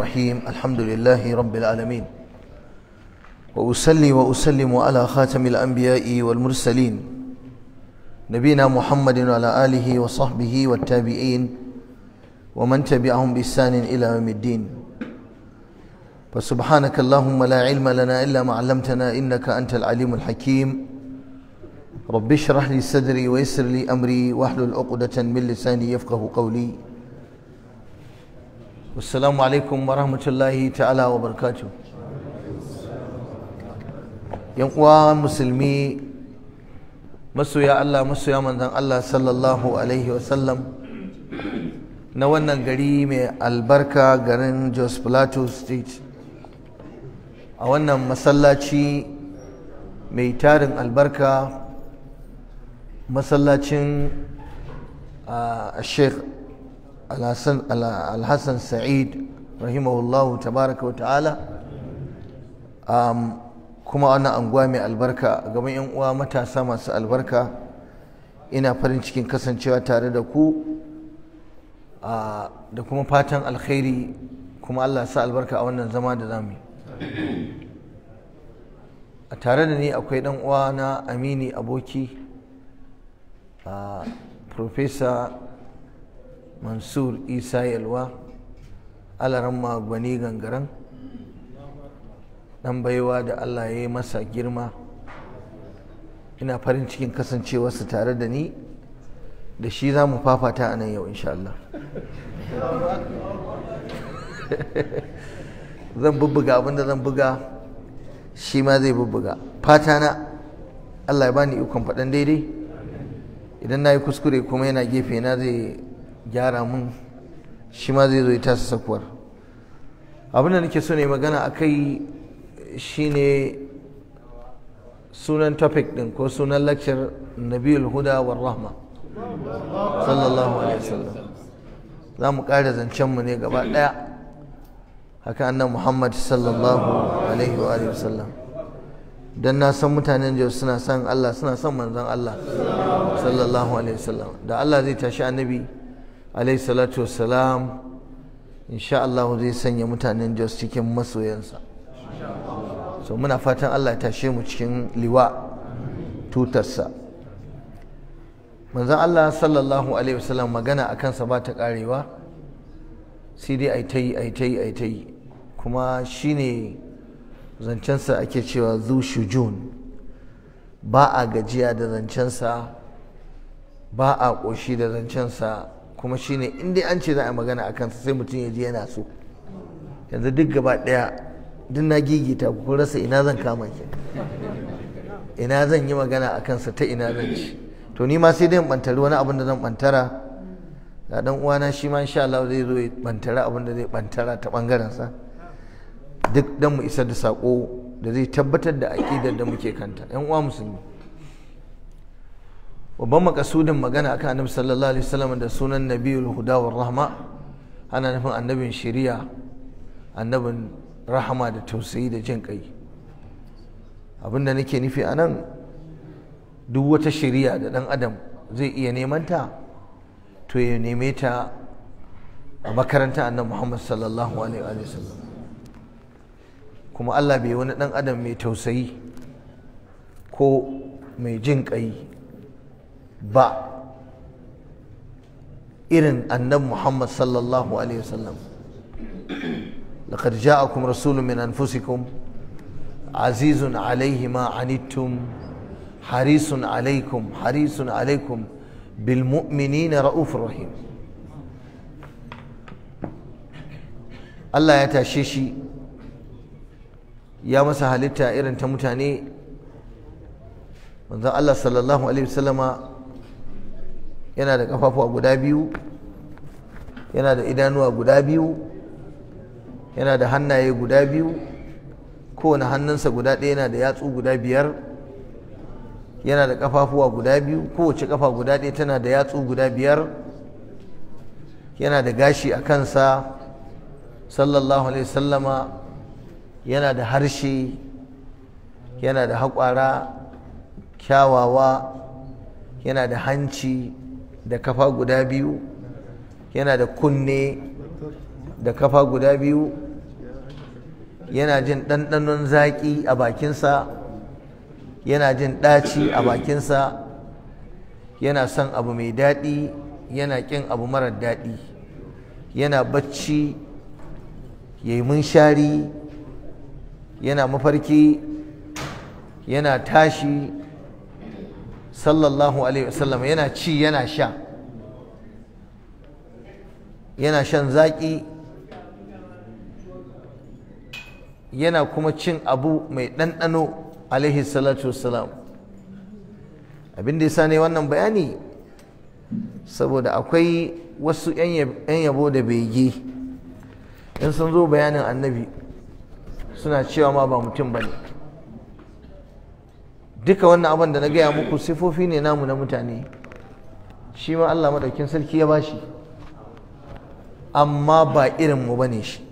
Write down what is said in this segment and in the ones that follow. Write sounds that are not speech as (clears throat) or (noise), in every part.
الرحيم الحمد لله رب العالمين وأسلي وأسلم على خاتم الأنبياء والمرسلين نبينا محمد وعلى آله وصحبه والتابعين ومن تبعهم بإحسان إلى يوم الدين فسبحانك اللهم لا علم لنا إلا ما علمتنا إنك أنت العليم الحكيم رب اشرح لي صدري ويسر لي أمري واحلل عقدة من لساني يفقه قولي assalamu alaikum wa rahmatullahi ta'ala wa barkatu yan uwa musulmi ya Allah masu masoya manzon Allah sallallahu alaihi wa sallam na wannan gari mai albarka garin Jos Plateau State a wannan masallaci mai tarin albarka masallacin a ah, Sheikh alhassan sa'id rahimahullahu tabaraka wa ta'ala um, kuma ana anguwa mai albarka gaban 'yan uwa matasa masu albarka ina farin cikin kasancewa tare da ku da kuma fatan alkhairi kuma allah sa albarka a wannan zama da zamu a tare da ni akwai dan uwa na amini aboki a professor mansur isa yalwa alaramma gwani gangaren dan baiwa da allah ya yi masa girma ina farin cikin kasancewarsa tare da ni da shi za mu fafata a nan yau Allah. (laughs) zan bubbuga abinda zan buga shi ma zai bubbuga fata na allah ya bani ikon faɗan daidai idan na yi kuskure kuma yana gefe na zai gyara mun shi ma zai zo ita su sakuwar abin da nake so ne magana a kai shi ne sunan topic din ko sunan lecture nabiul huda wa rahma sallallahu alaihi wasallam za mu ƙara mu ne gaba ɗaya haka annan muhammad sallallahu alaihi wa sallam don na san mutanen da suna son allah suna son manzon allah sallallahu alaihi wasallam da allah zai tashi annabi alaihi salatu wasalam insha Allah zai sanya mutanen Jos cikin masoyansa so muna fatan Allah ya tashe mu cikin liwa tutarsa manzon Allah sallallahu alaihi wasallam magana a kansa ba ta karewa sai dai ai tai ai tai ai tai kuma shine zancensa ake cewa zu shujun ba a gajiya da zancensa ba a ƙoshi da zancensa kuma shine in dai an ce za a magana a kansa sai mutum ya ji yana so yanzu duk gaba daya duk na gigita ku rasa ina zan kama ki ina zan yi magana a kansa ta ina zan ci to ni ma sai dai in bantari wani abin da zan bantara da dan uwana shi ma insha Allah zai zo ya bantara abin da zai bantara ta bangaren sa duk dan mu isar da sako da zai tabbatar da aqidar da muke kanta yan uwa musulmi babban makasudin magana akan annabi sallallahu alaihi wasallam da sunan nabiyul huda war rahma ana nufin annabin shari'a annabin rahama da tausayi da jin kai abinda nake nufi anan duk wata shari'a da dan adam zai iya neman ta to ya neme ta a makaranta annabi Muhammad sallallahu alaihi sallam. kuma Allah bai wani dan adam mai tausayi ko mai jin kai ba irin annabi Muhammad sallallahu alaihi wasallam laqad ja'akum rasulun min anfusikum azizun alaihi ma anittum harisun alaikum harisun alaikum bil mu'minina raufur rahim Allah ya tashe shi ya masa halitta irin ta mutane manzon Allah sallallahu alaihi wasallama yana da kafafuwa guda biyu yana da idanuwa guda biyu yana da hannaye guda biyu kowane hannunsa guda ɗaya yana da yatsu guda biyar yana da kafafuwa guda biyu kowace kafa guda ɗaya tana da yatsu guda biyar yana da gashi a kansa sallallahu alaihi sallama yana da harshe yana da haƙwara kyawawa yana da hanci da kafa guda biyu yana da kunne da kafa guda biyu yana jin ɗanɗanon zaƙi a bakinsa yana jin ɗaci a bakinsa yana son abu mai daɗi yana ƙin abu marar daɗi yana bacci ya yi munshari yana mafarki yana tashi sallallahu alaihi wasallam yana ci yana sha yana shan zaƙi yana kuma cin abu mai ɗanɗano alaihi salatu wasalam abin da ya ne wannan bayani saboda akwai wasu 'yan yabo da bege in sun zo bayanin annabi suna cewa ma ba mutum ba ne duka wannan abin da na gaya muku sifofi ne namu na mutane shi ma Allah maɗaukin sarki ya bashi amma ba irin ba ne shi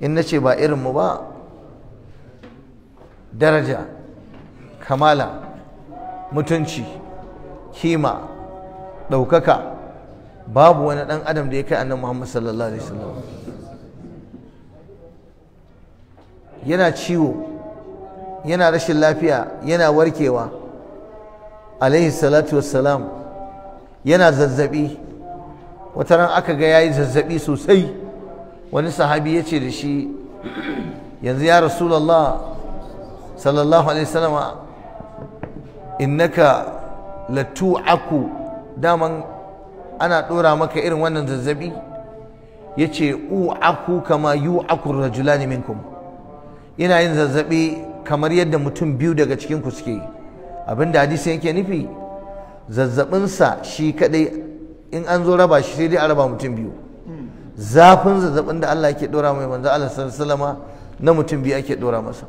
in na ce ba mu ba daraja kamala mutunci kima ɗaukaka babu wani ɗan adam da ya kai annan muhammad sallallahu alaihi wasallam yana ciwo yana rashin lafiya yana warkewa alaihi salatu wassalam yana zazzabi wata ran aka ga yayi zazzabi sosai wani sahabi ya ce da shi yanzu ya rasulullah sallallahu alaihi wasallama innaka latu'aku daman ana ɗora maka irin wannan zazzabi yace u'aku kama yu'aku rajulani minkum yana yin zazzabi kamar yadda mutum biyu daga cikin ku suke abin da hadisi yake nufi zazzabinsa shi kadai in an zo raba shi sai dai a raba mutum biyu zafin zazzabin da Allah yake dora mai manzo Allah sallallahu na mutum biyu ake dora masa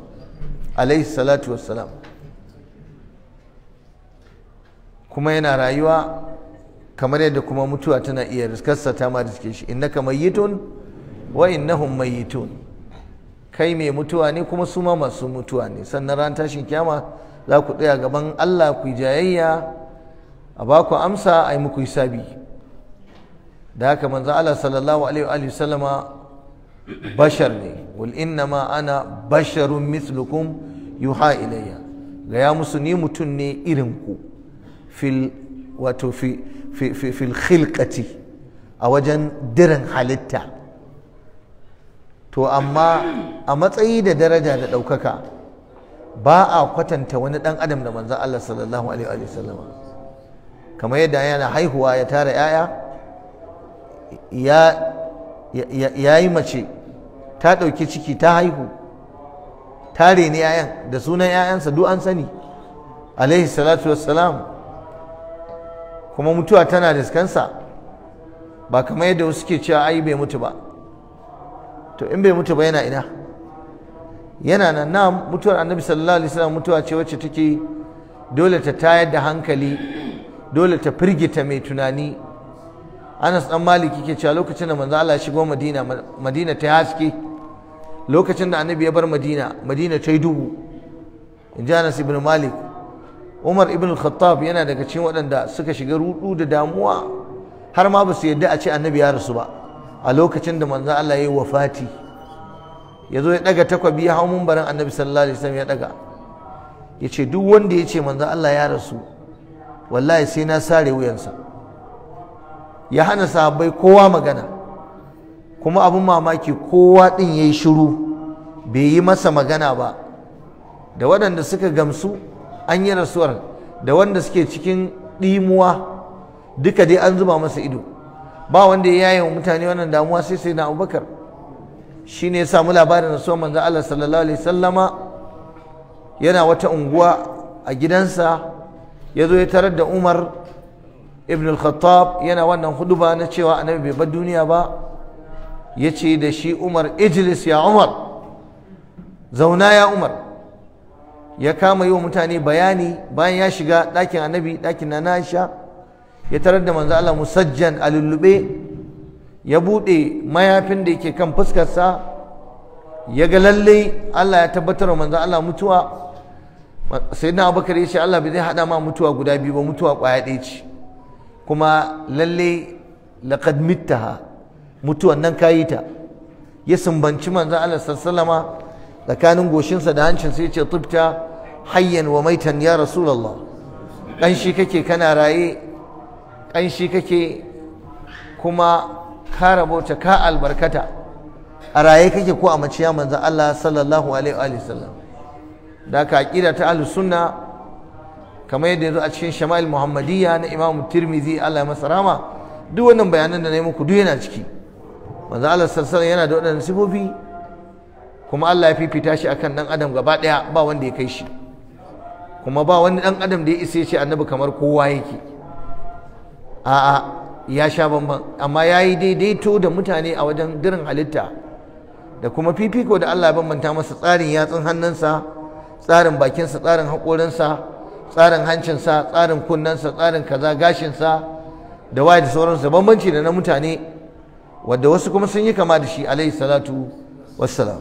alaihi salatu wassalam kuma yana rayuwa kamar yadda kuma mutuwa tana iya riskarsa ta ma riske shi innaka mayyitun wa innahum mayyitun kai mai mutuwa ne kuma su ma masu mutuwa ne sannan ran tashin kyama za ku tsaya gaban Allah ku jayayya a ba ku amsa a yi muku hisabi da haka manzo Allah sallallahu alaihi wa sallama bashar ne wal inna ma ana basharun mithlukum yuha ilayya ga ya musu ni mutum ne irin ku fil wato fi fil khilqati a wajen diran halitta to amma a matsayi da daraja da ɗaukaka ba a kwatanta wani ɗan adam da manzan Allah sallallahu alaihi sallama kamar yadda yana haihuwa ya tara 'ya'ya ya yi mace ta ɗauki ciki ta haihu ta reni 'ya'yan da sunan 'ya'yansa duk an sani alaihi salatu wassalam kuma mutuwa tana diskansa ba kamar yadda wasu ke cewa ai bai mutu ba to in bai mutu ba yana ina yana nan na mutuwar annabi sallallahu alaihi wasallam mutuwa ce wacce take dole ta tayar da hankali dole ta firgita mai tunani Anas dan Malik yake cewa lokacin da manzo Allah ya shigo Madina Madina ta haske lokacin da annabi ya bar Madina Madina ta yi duhu inji Anas ibn Malik Umar ibn Khattab yana daga cikin waɗanda suka shiga rudu da damuwa har ma ba su yadda a ce annabi ya rasu ba a lokacin da manzon Allah ya yi wafati ya zo ya daga takwabi ya hau mumbarin annabi sallallahu alaihi wasallam ya daga ya ce duk wanda ya ce manzon Allah ya rasu wallahi sai na sare wuyansa ya hana sahabbai kowa magana kuma abin mamaki kowa ɗin ya yi shiru bai yi masa magana ba da waɗanda suka gamsu an yi rasuwar da wanda suke cikin ɗimuwa duka dai an zuba masa ido ba wanda ya yi wa mutane wannan damuwa sai sai na abubakar shi ne ya samu labarin rasuwar manzan Allah sallallahu alaihi sallama yana wata unguwa a gidansa ya zo ya tarar da umar ibn al-khattab yana wannan huduba na cewa annabi bai bar duniya ba ya ce da shi umar ijlis ya umar zauna ya umar ya kama yi wa mutane bayani bayan ya shiga ɗakin annabi ɗakin na na ya tarar da manzo Allah musajjan alullube ya bude mayafin da yake kan fuskarsa ya ga lalle Allah ya tabbatar wa manzo Allah mutuwa sayyidina Abubakar ya ce Allah bai zai hada ma mutuwa guda biyu ba mutuwa kwaya ɗaya ce kuma lalle laqad mittaha mutuwan nan kayi ta ya sumbanci manzo Allah sallallahu tsakanin goshinsa da hancinsa ya ce tubta hayyan wa maitan ya rasulullah dan shi kake kana raye ƙanshi kake kuma ka rabota ka albarkata a raye kake ko a maciya manzan Allah sallallahu alaihi wa da ka ƙira ta ahlus sunna kamar yadda yanzu a cikin shama'il muhammadiyya na imam tirmizi Allah masa rama duk wannan bayanan da na yi muku duk yana ciki manzan Allah sallallahu yana da waɗannan sifofi kuma Allah ya fifita shi akan dan adam gaba ɗaya ba wanda ya kai shi kuma ba wani dan adam da ya isa ya ce annabi kamar kowa yake a'a ya sha bamban amma ya yi daidaito da mutane a wajen dirin halitta da kuma fifiko da Allah ya bambanta masa tsarin yatsun hannunsa tsarin bakinsa tsarin haƙorinsa tsarin hancinsa tsarin kunnensa tsarin kaza gashinsa da waye da sauransa bambanci da na mutane wadda wasu kuma sun yi kama da shi alaihi salatu wassalam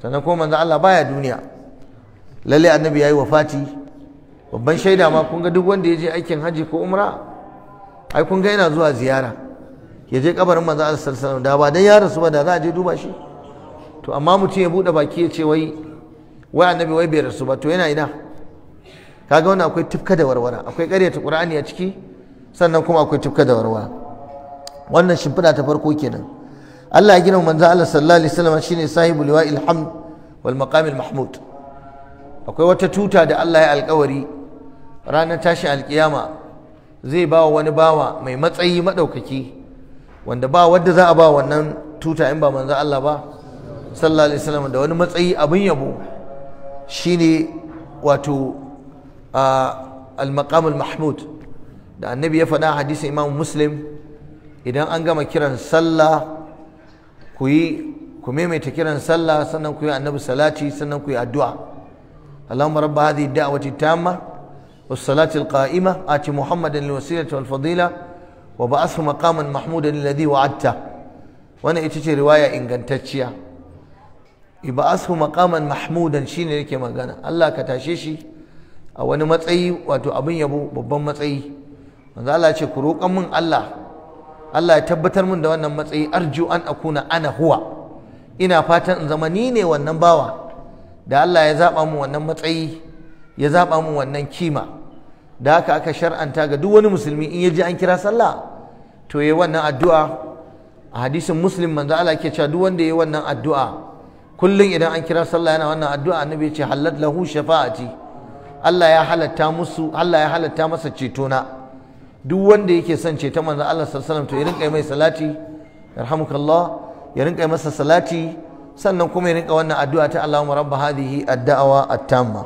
sannan kuma manzo Allah baya duniya lalle annabi yayi wafati babban shaida ma kun ga duk wanda ya je aikin hajji ko umra ai kun ga yana zuwa ziyara ya je kabarin manzo Allah sallallahu alaihi da ba dan ya rasu ba da za a je duba shi to amma mutum ya bude baki ya ce wai wai annabi wai bai rasu ba to yana ina kaga wannan akwai tifka da warwara akwai ƙaryata qur'ani a ciki sannan kuma akwai tifka da warwara wannan shimfiɗa ta farko kenan Allah ya gina manzo Allah sallallahu alaihi wasallam shine sahibul liwa'il hamd wal maqamil mahmud akwai wata tuta da Allah ya alƙawari ranar tashi alƙiyama zai ba wani bawa mai matsayi maɗaukaki wanda ba wadda za a ba wannan tuta in ba manzo Allah ba sallallahu alaihi wasallam da wani matsayi abin yabo shine wato al-maqam al-mahmud da annabi ya faɗa hadisin Imam Muslim idan an gama kiran sallah ku yi ku maimaita kiran sallah sannan ku yi annabi salati sannan ku yi addu'a Allahumma rabb hadhihi ad-da'wati tamma والصلاة القائمة آت محمدا الوسيلة والفضيلة وبعثه مقاما محمودا الذي وعدته وانا اتشي رواية إن قنتتشيا يبعثه مقاما محمودا شيني لك مغانا الله كتاشيشي أو أنا متعي واتو أبن يبو ببن متعي ماذا الله يتشي كروك من الله الله يتبتر من دوانا متعي أرجو أن أكون أنا هو ina fatan in zama ni ne wannan bawa da Allah ya zaba mu wannan matsayi ya zaba mu wannan kima da haka aka shar'anta ga duk wani musulmi in ya ji an kira sallah to yayi wannan addu'a a hadisin muslim manzo Allah ke cewa duk wanda yayi wannan addu'a kullum idan an kira sallah yana wannan addu'a annabi ya ce halat lahu shafa'ati Allah ya halatta musu Allah ya halatta masa cetona duk wanda yake son ceton manzo Allah sallallahu alaihi wasallam to ya rinka mai salati yarhamukallah ya rinka masa salati sannan kuma ya rinka wannan addu'a ta Allahumma rabb hadhihi ad-da'wa at-tamma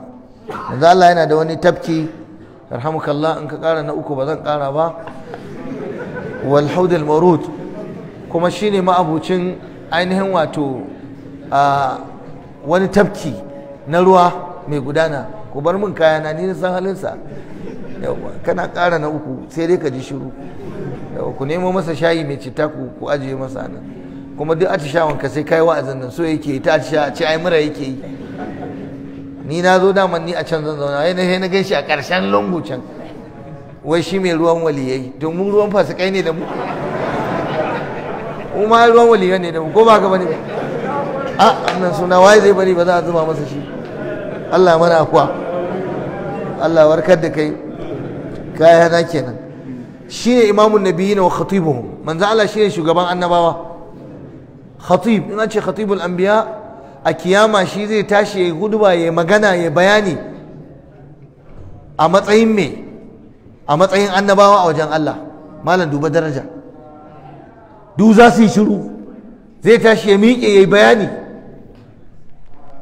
manzo Allah yana da wani tafki yarhamukallah in ka kara na uku ba kara ba wal haudul kuma shine ma'abucin ainihin wato wani tafki na ruwa mai gudana ku bar min kayana ni na san halinsa yawa kana kara na uku sai dai ka ji shiru yawa ku nemo masa shayi mai citta ku ku ajiye masa nan kuma duk atishawan ka sai kai wa'azin nan so yake ta atisha ce ai mura yake yi ni na zo daman ni a can zan zauna wai na na gaishe a karshen lungu can wai shi mai ruwan waliyai domin ruwan fasikai ne da mu kuma ruwan waliyai ne da mu ko ba ka bane a annan suna waye zai bari ba za a zuba masa shi Allah mana akwa Allah warkar da kai kai hada kenan shine imamun nabiyina wa khatibuhum manzo Allah shine shugaban annabawa khatib ina ce khatibul anbiya a kiyama shi zai tashi ya yi huduba ya magana ya bayani a matsayin me a matsayin annabawa a wajen Allah malam duba daraja Duk za su yi shiru zai tashi ya miƙe ya yi bayani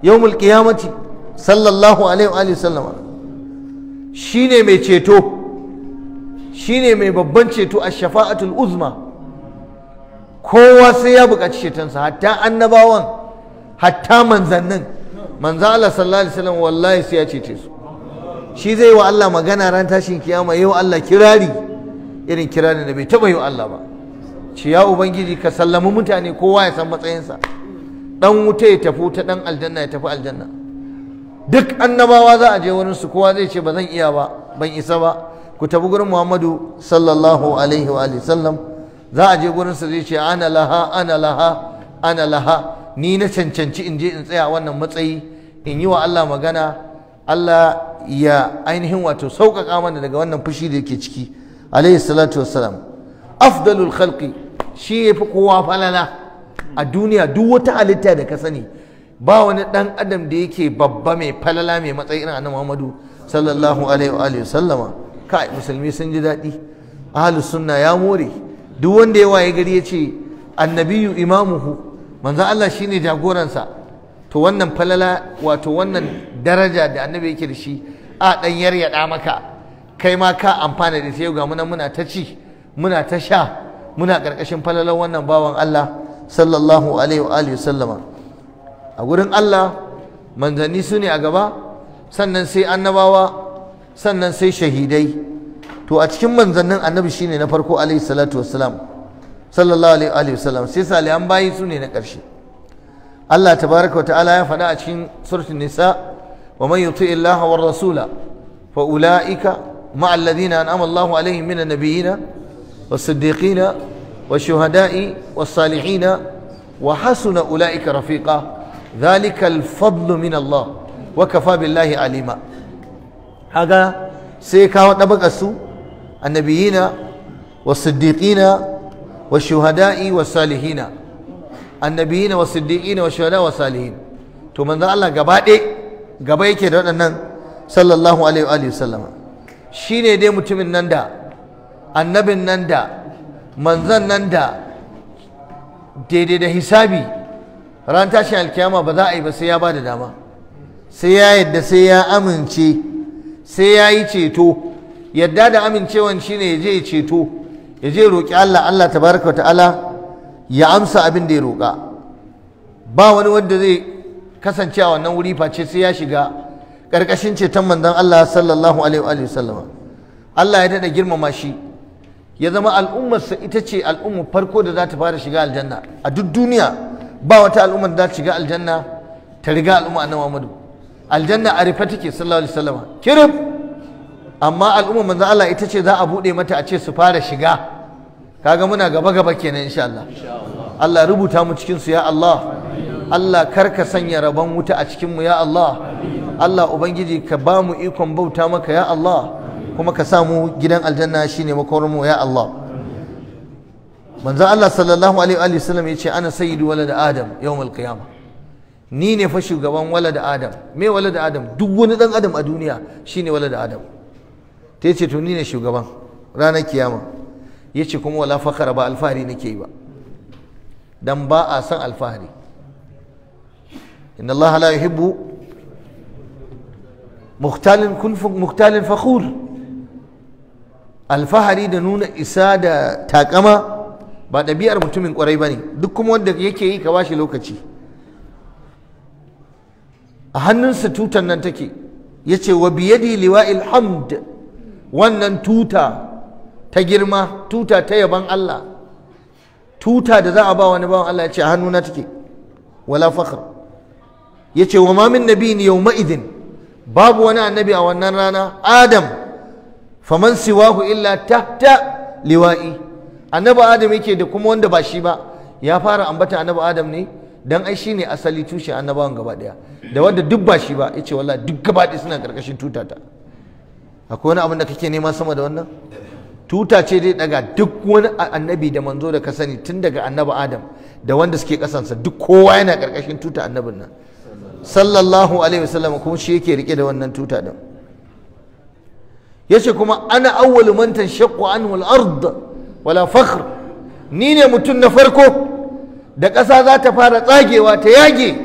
Yau yawmul qiyamati sallallahu alaihi wa Shi ne mai ceto Shi ne mai babban ceto a shafa'atul uzma kowa sai ya buƙaci cetonsa hatta annabawan hatta manzannin manzo Allah sallallahu alaihi wasallam wallahi sai ya cece su shi zai wa Allah magana ran tashin kiyama yau Allah kirari irin kirarin da bai taba yi wa Allah ba ci ya ubangiji ka sallami mutane kowa ya san matsayinsa dan wuta ya tafi ta dan aljanna ya tafi aljanna duk annabawa za a je wurin su kowa zai ce ba zan iya ba ban isa ba ku tafi gurin Muhammadu sallallahu alaihi wa sallam za a je gurin su zai ce ana laha ana laha ana laha ni na cancanci in je in tsaya wannan matsayi in yi wa Allah magana Allah ya ainihin wato sauƙaƙa mana daga wannan fushi da yake ciki alayhi salatu wassalam afdalul khalqi shi ya fi kowa falala a duniya duk wata halitta da ka sani ba wani ɗan adam da yake babba mai falala mai matsayi irin annabi Muhammadu sallallahu alaihi wa alihi sallama kai musulmi sun ji daɗi ahlus sunna ya more duk wanda ya waye gari yace annabiyyu imamuhu manzo Allah shine jagoransa to wannan falala wato wannan daraja da annabi yake da shi a dan da maka kai ma ka amfana da shi, ga muna muna ta ci muna ta sha muna karkashin falalar wannan bawan Allah sallallahu alaihi wa alihi sallama a gurin Allah manzanni su ne a gaba sannan sai annabawa sannan sai shahidai to a cikin manzannin annabi shine na farko alaihi salatu wassalam sallallahu alaihi wasallam sai salihan bayi su ne na ƙarshe Allah tabaraka wa ta'ala ya faɗa a cikin suratul nisa wa man yuti illaha war rasula fa ulaika ma'a alladhina an'ama Allahu alaihim minan nabiyina was-siddiqina wash-shuhada'i was-salihina wa hasuna ulaika rafiqa dhalika al-fadlu min Allah wa kafa billahi alima haga sai ka dabakar su annabiyina was-siddiqina والشهداء والصالحين النبيين والصديقين والشهداء والصالحين to manzon Allah gaba ɗaya gaba yake da waɗannan sallallahu alaihi wa sallama shine dai mutumin nan da annabin nan da manzon nan da daidai da hisabi ran tashin alkiyama ba za a yi ba sai ya ba da dama sai ya yadda sai ya amince sai ya yi ceto yadda da amincewan shine ya je ya ceto ya je roƙi Allah Allah tabaraka wa ta'ala ya amsa abin da ya roƙa ba wani wanda zai kasance a wannan wuri face sai ya shiga ƙarƙashin ceton manzon Allah sallallahu alaihi wa Allah ya daɗa girmama shi ya zama al'ummarsa ita ce al'ummar farko da za ta fara shiga aljanna a duk duniya ba wata al'ummar da za ta shiga aljanna ta riga al'umma annabi Muhammadu aljanna a rufe take sallallahu alaihi wa sallam. kirif amma al'umma manzon Allah ita ce za a buɗe mata a ce su fara shiga kaga muna gaba gaba kenan insha Allah Allah rubuta mu cikin su ya Allah Allah kar ka sanya rabon wuta a cikin mu ya Allah Allah ubangiji ka ba mu ikon bauta maka ya Allah kuma ka sa mu gidan aljanna shine makorinmu ya Allah manzo Allah sallallahu alaihi wa sallam yace ana sayyidu walad adam yawmal qiyamah ni ne fa shugaban walad adam me walad adam duk wani dan adam a duniya shine walad adam ta ce to ni ne shugaban ranar kiyama ya ce kuma wala fakara ba alfahari nake yi ba dan ba a san alfahari inna allaha la yuhibbu muhtalin kun muhtalin fakhur alfahari da nuna isa da takama ba ɗabi'ar mutumin ƙwarai ba ne duk kuma wanda yake yi ka bashi lokaci a hannunsa tutan nan take ya ce wa biyadi liwa'il hamd wannan tuta ta girma tuta ta yaban Allah tuta da za a ba wani bawan Allah ya ce hannuna take wala fakhr ya ce wa ma min nabiyin yawma idin babu wani annabi a wannan rana adam faman siwahu illa tahta liwa'i annabi adam yake da kuma wanda ba shi ba ya fara ambata annabi adam ne dan ai shine asali tushe annabawan gaba daya da wanda duk ba shi ba yace wallahi duk gaba suna karkashin tutata akwai wani abin da kake nema sama da wannan tuta ce dai daga duk wani annabi da manzo da ka sani tun daga annabi adam da wanda suke kasansa duk kowa yana karkashin tuta annabin nan sallallahu alaihi wasallam kuma shi yake rike da wannan tuta din yace kuma ana awwalu man tanshaqqu anhu al-ard wala fakhr ni ne mutum na farko da ƙasa za ta fara tsagewa ta yage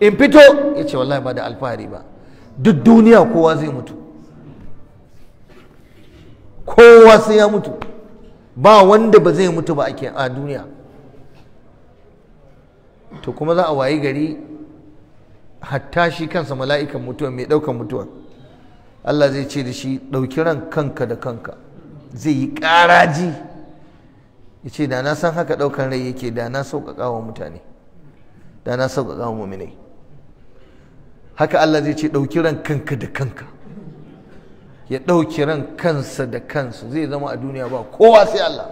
in fito yace wallahi ba da alfahari ba duk duniya kowa zai mutu kowa sai ya mutu ba wanda ba zai mutu ba ake a duniya to kuma za a wayi gari hatta shi kansa mala'ikan mutuwa mai ɗaukan mutuwa Allah zai ce da shi ɗauki ran kanka da kanka zai yi ƙaraji ya ce da na san haka ɗaukan rai yake da na sauƙaƙa wa mutane da na sauƙaƙa wa muminai haka Allah zai ce ɗauki ran kanka da kanka ya ɗauki ran kansa da kansa zai zama a duniya ba kowa sai Allah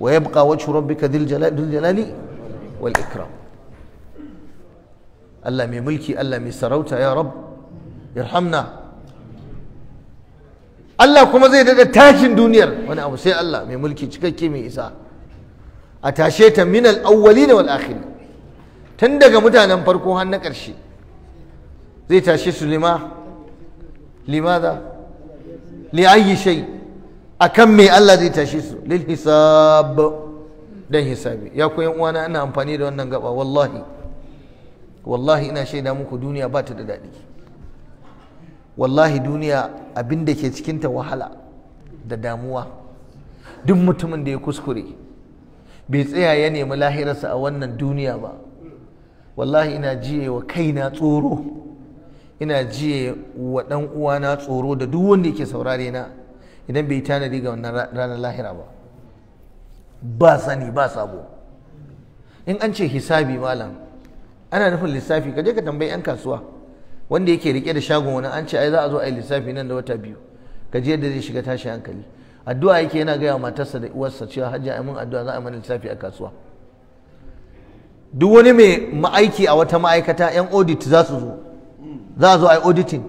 wa ya yabqa wajhu rabbika dhil jalali wal ikram Allah mai mulki Allah mai sarauta ya rab yarhamna Allah kuma zai daɗa tashin duniyar wani abu sai Allah mai mulki cikakke mai isa a tashe ta minal awwali wal akhir tun daga mutanen farko har na ƙarshe zai tashe su lima limaza li ayi akan me Allah zai tashi su lil hisab hisabi ya ku ina amfani da wannan gaba wallahi wallahi ina shaida muku duniya ba ta da daɗi wallahi duniya abin da ke cikinta wahala da damuwa duk mutumin da ya kuskure bai tsaya ya nemi lahirarsa a wannan duniya ba wallahi ina jiye wa kaina tsoro ina jiye wa ɗan uwana tsoro da duk wanda yake saurare na idan bai tanadi ga wannan ranar lahira ba ba sani ba sabo in an ce hisabi malam ana nufin lissafi ka je ka tambayi 'yan kasuwa wanda yake rike da shagon wani an ce ai za a zo a yi lissafi nan da wata biyu ka je yadda zai shiga tashi hankali addu'a yake yana gaya matarsa da uwarsa cewa hajji ai mun addu'a za a mana lissafi a kasuwa duk wani mai ma'aiki a wata ma'aikata 'yan audit za su zo za a zo a yi auditing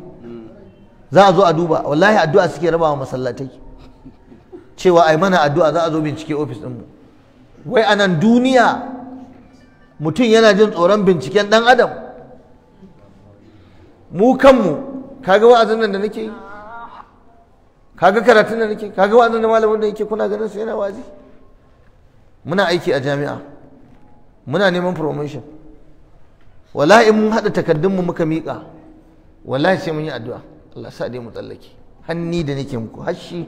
za a zo a duba wallahi addu'a suke rabawa masallatai cewa ai mana addu'a za a zo bincike ofis mu wai anan duniya mutum yana jin tsoron binciken ɗan adam mu kanmu kaga wa'azin nan da nake yi kaga karatun da nake kaga wa'azin da malamin da yake kuna ganin su yana wazi muna aiki a jami'a muna neman promotion wallahi in mun haɗa takardunmu muka miƙa wallahi sai mun yi addu'a Allah sa dai mu tsallake hanni da nake muku hashi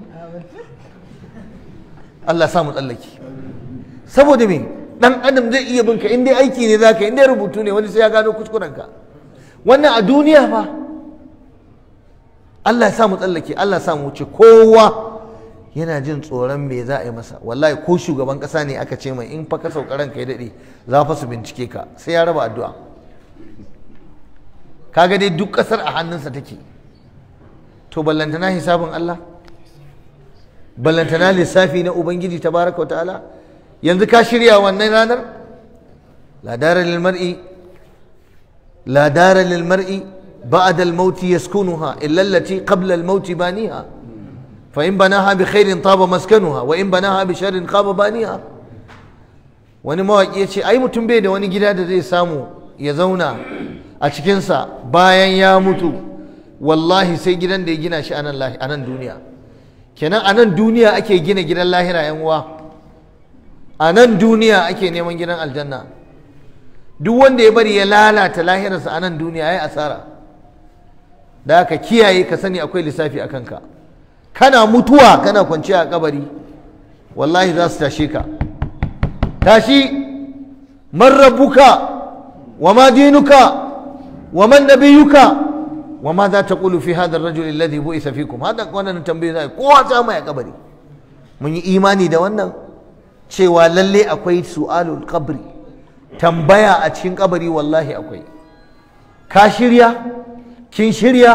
Allah sa mu tsallake saboda me dan adam zai iya binka in dai aiki ne zaka in dai rubutu ne wani sai ya gano kuskurenka wannan a duniya fa Allah ya sa mu tsallake Allah ya sa mu wuce kowa yana jin tsoron me za a yi masa wallahi ko shugaban kasa ne aka ce mai in fa ka sauka ka ya dade za fa su bincike ka sai ya raba addu'a kaga dai duk ƙasar a hannunsa take to ballantana hisabin Allah ballantana lissafi na ubangiji tabaraka wa ta'ala yanzu ka shirya wannan ranar ladara lil mar'i ladara lil mar'i ba'da al maut yaskunuha illa allati qabla al maut baniha fa in banaha bi khairin taba maskanuha wa in banaha bi sharrin khaba baniha wani mawaki ya ce ai mutum bai da wani gida da zai samu ya zauna a cikinsa bayan ya mutu wallahi sai gidan da ya gina shi a nan duniya kenan a nan duniya ake gina gidan lahira yan uwa a nan duniya ake neman gidan aljanna duk wanda ya bari ya lalata lahirarsa a nan duniya ya yi asara da ka kiyaye ka sani akwai lissafi a kanka kana mutuwa kana kwanciya a kabari wallahi za su tashe ka tashi marrabuka wa madinuka wa man nabiyuka wa ma za ta qulu fi hadha ar-rajul alladhi bu'itha fikum hada wannan tambayi zai kowa ta mai kabari mun yi imani da wannan cewa lalle akwai su'alul qabri tambaya a cikin kabari wallahi akwai ka shirya kin shirya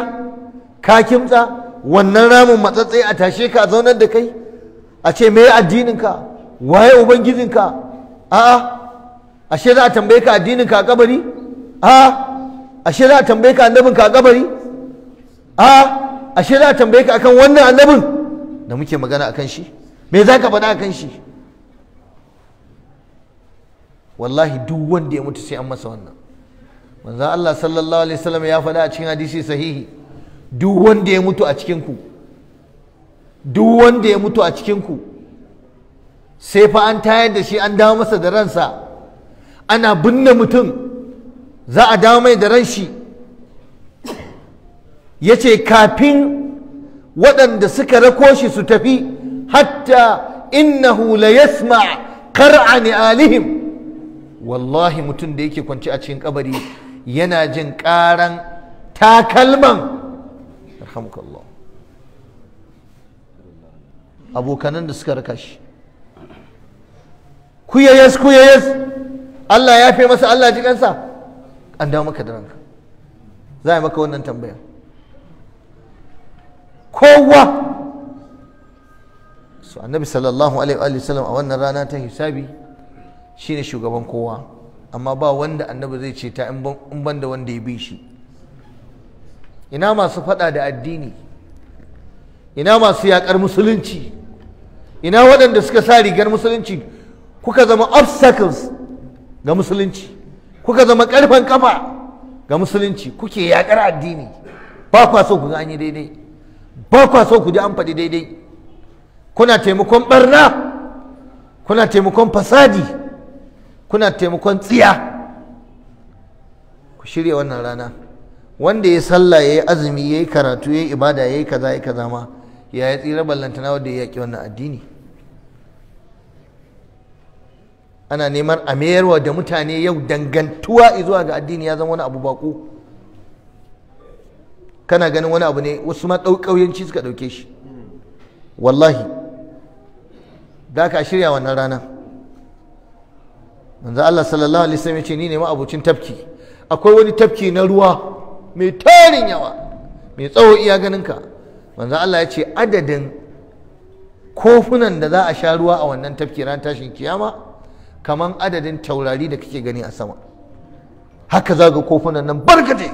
ka kimtsa wannan ramin matsatse a tashe ka zaunar da kai a ce me addininka waye ka? a'a ashe za a tambaye ka addininka a kabari a'a ashe za a tambaye ka annabin ka a kabari a ashe za a tambaye ka akan wannan annabin da muke magana akan shi me za ka faɗa akan shi wallahi duk wanda ya mutu sai an masa wannan manzo Allah sallallahu alaihi wasallam ya faɗa a cikin hadisi sahihi duk wanda ya mutu a cikin ku duk wanda ya mutu a cikin ku sai fa an tayar da shi an dawo masa da ransa ana binne mutum za a dawo mai da ran shi ya ce kafin waɗanda suka rako shi su tafi hatta innahu la yasma kar'ani alihim wallahi mutum da yake kwanci a cikin kabari yana jin ƙaran takalman Allah abokanan da suka raka shi Kuyayes-kuyayes Allah ya fi masa Allah jikansa kansa an dawo maka da ranka za a maka wannan tambaya kowa su annabi sallallahu alaihi wa sallam a wannan rana ta hisabi shine shugaban kowa amma ba wanda annabi zai ce ta in ban da wanda ya bi shi ina masu fada da addini ina masu yakar musulunci ina waɗanda suka sa rigar musulunci kuka zama obstacles ga musulunci kuka zama karfan kafa ga musulunci kuke yakar addini ba kwa so ku gani daidai ba kwa so ku ji an faɗi daidai kuna taimakon barna kuna taimakon fasadi kuna taimakon tsiya ku shirya wannan rana wanda ya sallah ya yi azumi ya yi karatu ya yi ibada ya yi kaza ya kaza ma ya yi tsira ballantana wanda ya yaƙi wannan addini ana neman a mayarwa da mutane yau dangantuwa zuwa ga addini ya zama wani abu baƙo kana ganin wani abu ne wasu ma ƙauyenci suka ɗauke shi wallahi da ka shirya wannan rana manzo Allah sallallahu alaihi wasallam ce ni ne ma abucin tafki akwai wani tafki na ruwa mai tarin yawa mai tsawo iya ganin ka manzo Allah ya ce adadin kofunan da za a sha ruwa a wannan tafki ran tashin kiyama kamar adadin taurari da kake gani a sama haka za ga kofunan nan barkate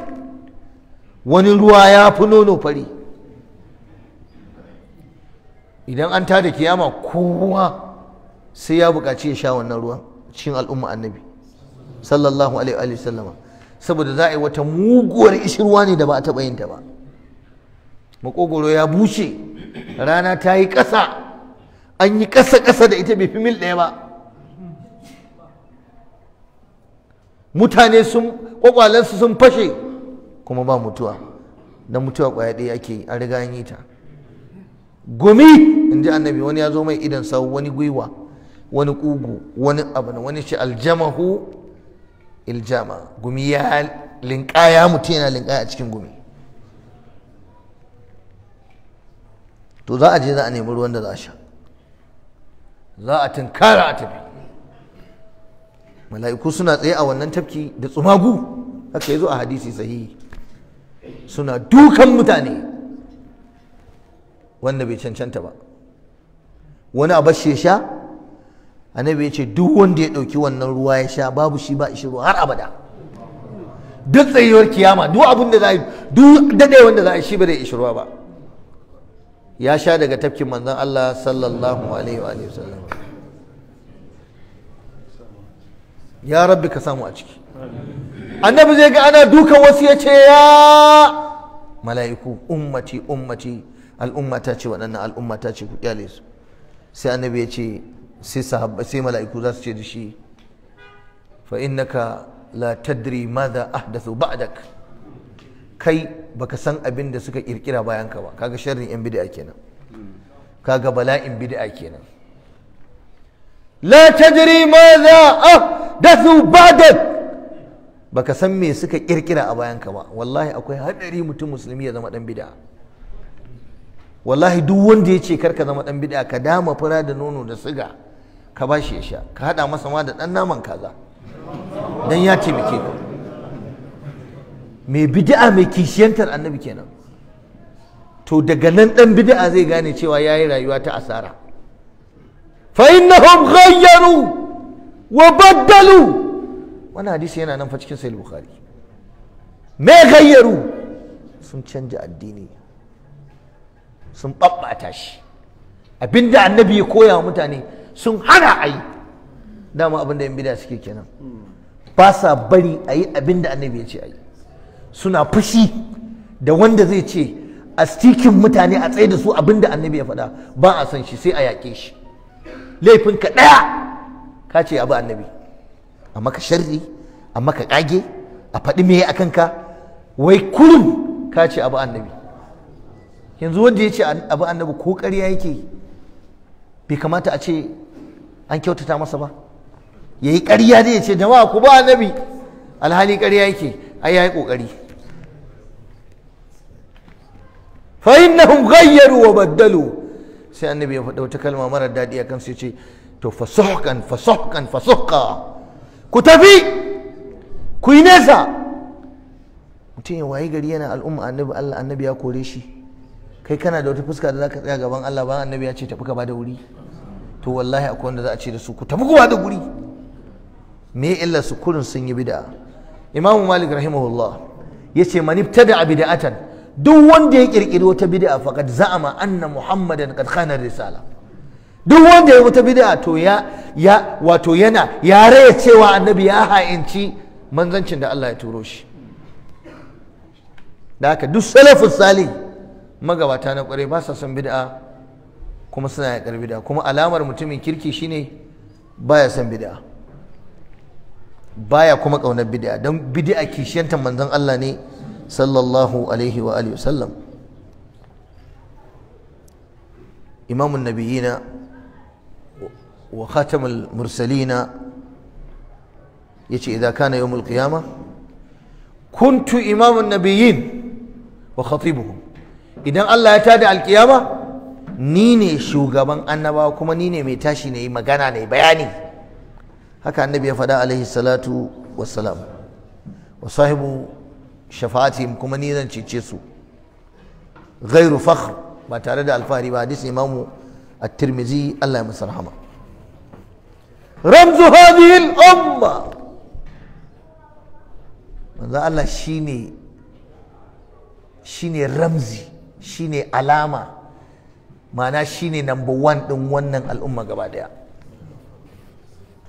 wani ruwa ya fi nono fari idan an tada kiyama kowa sai ya buƙaci ya sha wannan ruwan cikin al'umma annabi sallallahu alaihi wa sallama saboda za a yi wata muguwar ishirwa ne da ba a taɓa yin ta ba makogoro ya bushe rana ta yi ƙasa an yi ƙasa ƙasa da ita bai fi mil ɗaya ba mutane sun kwakwalensu sun fashe kuma ba mutuwa don mutuwa kwaya ɗaya ake a riga an yi ta gumi in ji annabi wani ya zo mai idan sau wani gwiwa wani kugu wani abu na wani shi aljamahu iljama gumi ya linkaya mutu yana linkaya a cikin gumi to za a je za a nemi ruwan da za a sha za a tunkara a tafi mala'iku suna tsaye a wannan tafki da tsumagu haka yazo a hadisi sahihi suna dukan mutane wanda bai cancanta ba wani a bashe sha annabi ya ce duk wanda ya ɗauki wannan ruwa ya sha babu shi ba ishi ruwa har abada duk tsayuwar kiyama duk abin da za a duk daɗe wanda za a shi ba zai ishi ruwa ba ya sha daga tafkin manzon Allah sallallahu alaihi wa sallam ya rabbi ka samu a ciki annabi zai ga ana dukan wasu ya ce ya mala'iku ummati ummati al'umma ce waɗannan al'umma ta ce ku kyale su sai annabi ya ce sai mala'iku za su ce da shi fa innaka la tadri madha ahdathu ba'dak kai baka san abin da suka ƙirƙira bayan ka ba kaga sharrin yan bid'a kenan kaga bala'in bid'a kenan la tadri madha ah dazu badat baka san me suka kirkira a bayanka ba wallahi akwai hadari mutum musulmi ya zama dan bid'a wallahi duk wanda ya ce kar ka zama dan bid'a ka dama fura da nono da siga ka ba shi ya sha ka hada masa ma da dan naman kaza dan ya taimake ka mai bid'a mai kishiyantar annabi kenan to daga nan dan bid'a zai gane cewa yayi rayuwa ta asara fa innahum ghayyaru wa baddalu wani hadisi yana nan fa cikin sahih bukhari me gayyaru sun canja addini sun babbata shi abinda annabi ya koya wa mutane sun hana ai dama abinda yan bida suke kenan ba sa bari a yi abinda annabi ya ce a yi suna fushi da wanda zai ce a stikin mutane a tsaye da su abinda annabi ya faɗa ba a san shi sai a yaƙe shi laifinka ɗaya ka ce abu annabi amma ka sharri amma ka kage a faɗi me a kanka wai kurun ka ce abu annabi yanzu wanda ya ce abu annabi ko ƙarya yake bai kamata a ce an kyautata masa ba ya yi ƙarya da ya ce jama'a ku ba annabi alhali ƙarya yake ai ya yi ƙoƙari fahimtar innahum wa baddalo, sai annabi ya faɗa wata kalma marar daɗi akan sai ce to fasuhkan fasuhkan fasuhka ku tafi ku yi nesa mutum ya wayi gari yana al'umma annabi Allah annabi ya kore shi kai kana da wata fuska da zaka tsaya gaban Allah bayan annabi ya ce tafi ka da wuri to wallahi akwai wanda za a ce da su ku tafi ku da wuri me illa su kurin sun yi bid'a imamu malik rahimahullah yace man ibtada bid'atan duk wanda ya kirkiri wata bid'a faqad za'ama anna muhammadan qad khana risala duk wanda ya wata bid'a to ya ya wato yana ya raya cewa annabi ya ha'inci manzancin da Allah ya turo shi da haka duk salafus salih magabata na kware ba sa son bid'a kuma suna karbi bid'a kuma alamar mutumin kirki shine baya son bid'a baya kuma ƙaunar bid'a don bid'a kishiyantar manzon Allah ne sallallahu alaihi wa alihi wasallam imamun nabiyina wa khatamul mursalina yace idza kana yawmul qiyamah kuntu imamun nabiyyin wa khatibuhum idan Allah ya tada alkiyama ni ne shugaban annabawa kuma ni ne mai tashi na yi magana ne bayani haka annabi ya faɗa alaihi salatu wassalam wa sahibu shafa'atihim kuma ni zan cece su ghairu fakhr ba tare da alfahari ba hadisi imamu at-tirmidhi Allah ya masa rahama ramzu hadhihi umma manzo Allah shine shine ramzi shine alama ma'ana shine number one din wannan al'umma gaba daya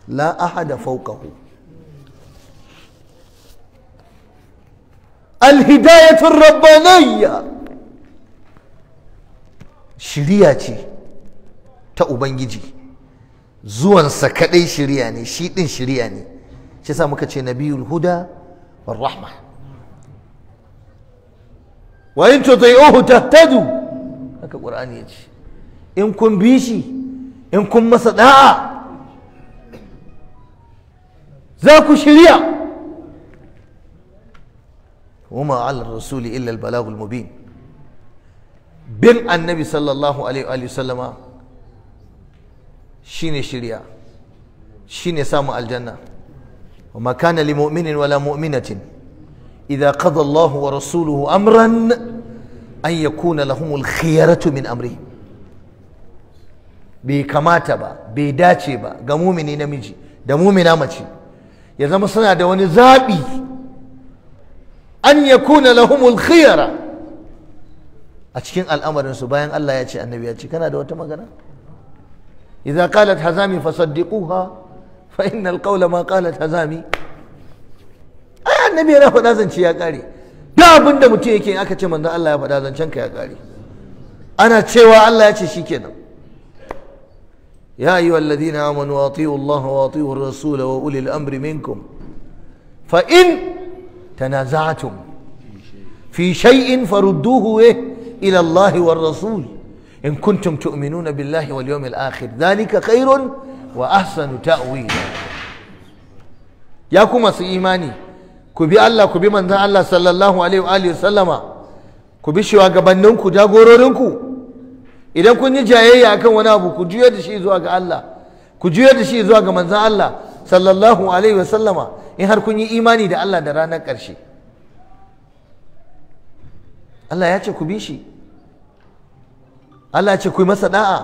la ahada fawqahu الهداية الربانية shiriya ce ta Ubangiji zuwansa kadai shirya ne shi ɗin shirya ne shi sa muka ce nabiyul huda war rahma wa in tuti'uhu tahtadu haka qur'ani ya ce in kun bi shi in kun masa da'a za ku shirya wama ala rasuli illa al balagul mubin bin annabi sallallahu alaihi wa sallama shine shirya shine samun aljanna wa ma li mu'minin wala mu'minatin idza qada Allah wa rasuluhu amran an yakuna lahumul khiyaratu min amri bai kamata ba bai dace ba ga mumini namiji da mumina mace ya zama suna da wani zaɓi an yakuna lahumul khiyara a cikin al'amarinsu bayan Allah ya ce annabi ya ce kana da wata magana إذا قالت حزامي فصدقوها فإن القول ما قالت هزامي أي آه، النبي أنا فدا زنشي يا قاري دا بند متيكي أكا تمن الله فدا زنشنك يا قاري أنا تشوى الله يتشي كده يا أيها الذين آمنوا أطيعوا الله وأطيعوا الرسول وأولي الأمر منكم فإن تنازعتم في شيء فردوه إلى الله والرسول in kuntum tu'minuna billahi wal yawmil akhir dhalika khairun wa ahsanu ta'wila ya kuma su imani ku bi Allah ku bi manzon Allah sallallahu alaihi wa alihi ku bi idan kun yi jayayya akan wani abu ku juya da shi zuwa ga Allah ku juya da shi zuwa ga manzon Allah sallallahu alaihi wa in har kun yi imani da Allah da ranar ƙarshe Allah ya ce ku bi shi Allah ce ku masa da'a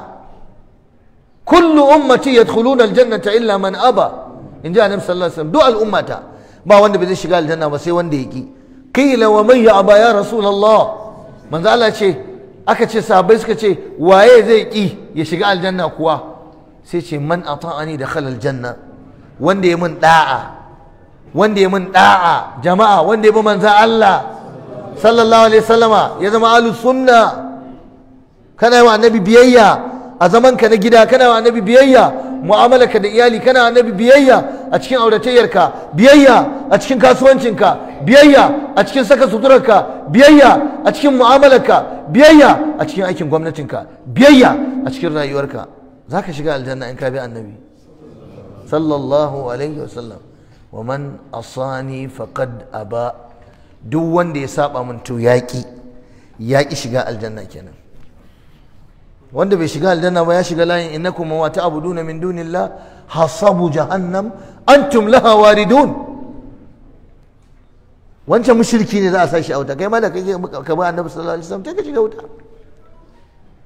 kullu ummati yadkhuluna aljannata illa man aba in ji annabi sallallahu alaihi wasallam duk al'ummata ba wanda bai shiga aljanna ba sai wanda yaki qila wa man ya'ba ya rasulullah manzo Allah ce aka ce sahabbai suka ce waye zai ki ya shiga aljanna kuwa sai ce man ata'ani dakhala aljanna wanda ya mun da'a wanda ya mun da'a jama'a wanda ya bi manzo Allah sallallahu alaihi wasallama ya zama ahlus sunna kana yi wa annabi biyayya a zaman ka na gida kana wa annabi biyayya ka da iyali kana annabi biyayya a cikin auratayyarka biyayya a cikin kasuwancinka biyayya a cikin saka suturarka biyayya a cikin mu'amalarka biyayya a cikin aikin gwamnatinka biyayya a cikin rayuwarka za ka shiga aljanna in ka bi annabi sallallahu alaihi wasallam wa man asani faqad aba duk wanda ya saba mun to yaki yaki shiga aljanna kenan wanda bai shiga aljanna ba ya shiga layin innakum wa ta'buduna min dunillah hasabu jahannam antum laha waridun wancan mushriki ne za a sashi a wuta kai ma da kai ka ba annabi sallallahu alaihi wasallam kai ka shiga wuta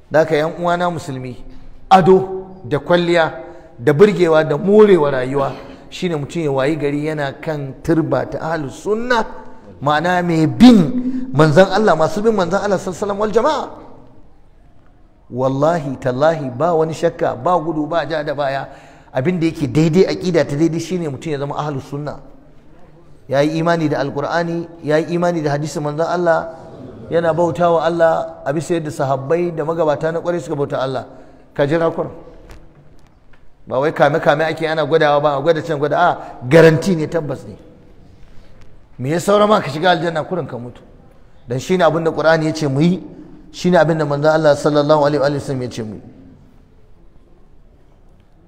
da ka yan uwana musulmi ado da kwalliya da burgewa da morewa rayuwa shine mutum ya wayi gari yana kan turba ta ahlus sunna ma'ana mai bin manzon Allah masu bin manzon Allah sallallahu alaihi wasallam wal jama'a wallahi tallahi ba wani shakka ba gudu ba ja da baya Abinda yake daidai aqida ta daidai shine mutum ya zama ahlus sunna yayi imani da alqur'ani yayi imani da hadisi manzon Allah yana bautawa Allah a bisa yadda sahabbai da magabata na kwarai suka bauta Allah ka jira kur ba wai kame kame ake ana gwadawa ba a gwada can gwada a garanti ne tabbas ne me ya saura ka shiga aljanna kurin ka mutu dan shine abin da ƙur'ani ya ce mu yi shine abinda manzo Allah sallallahu alaihi wa sallam ya ce mu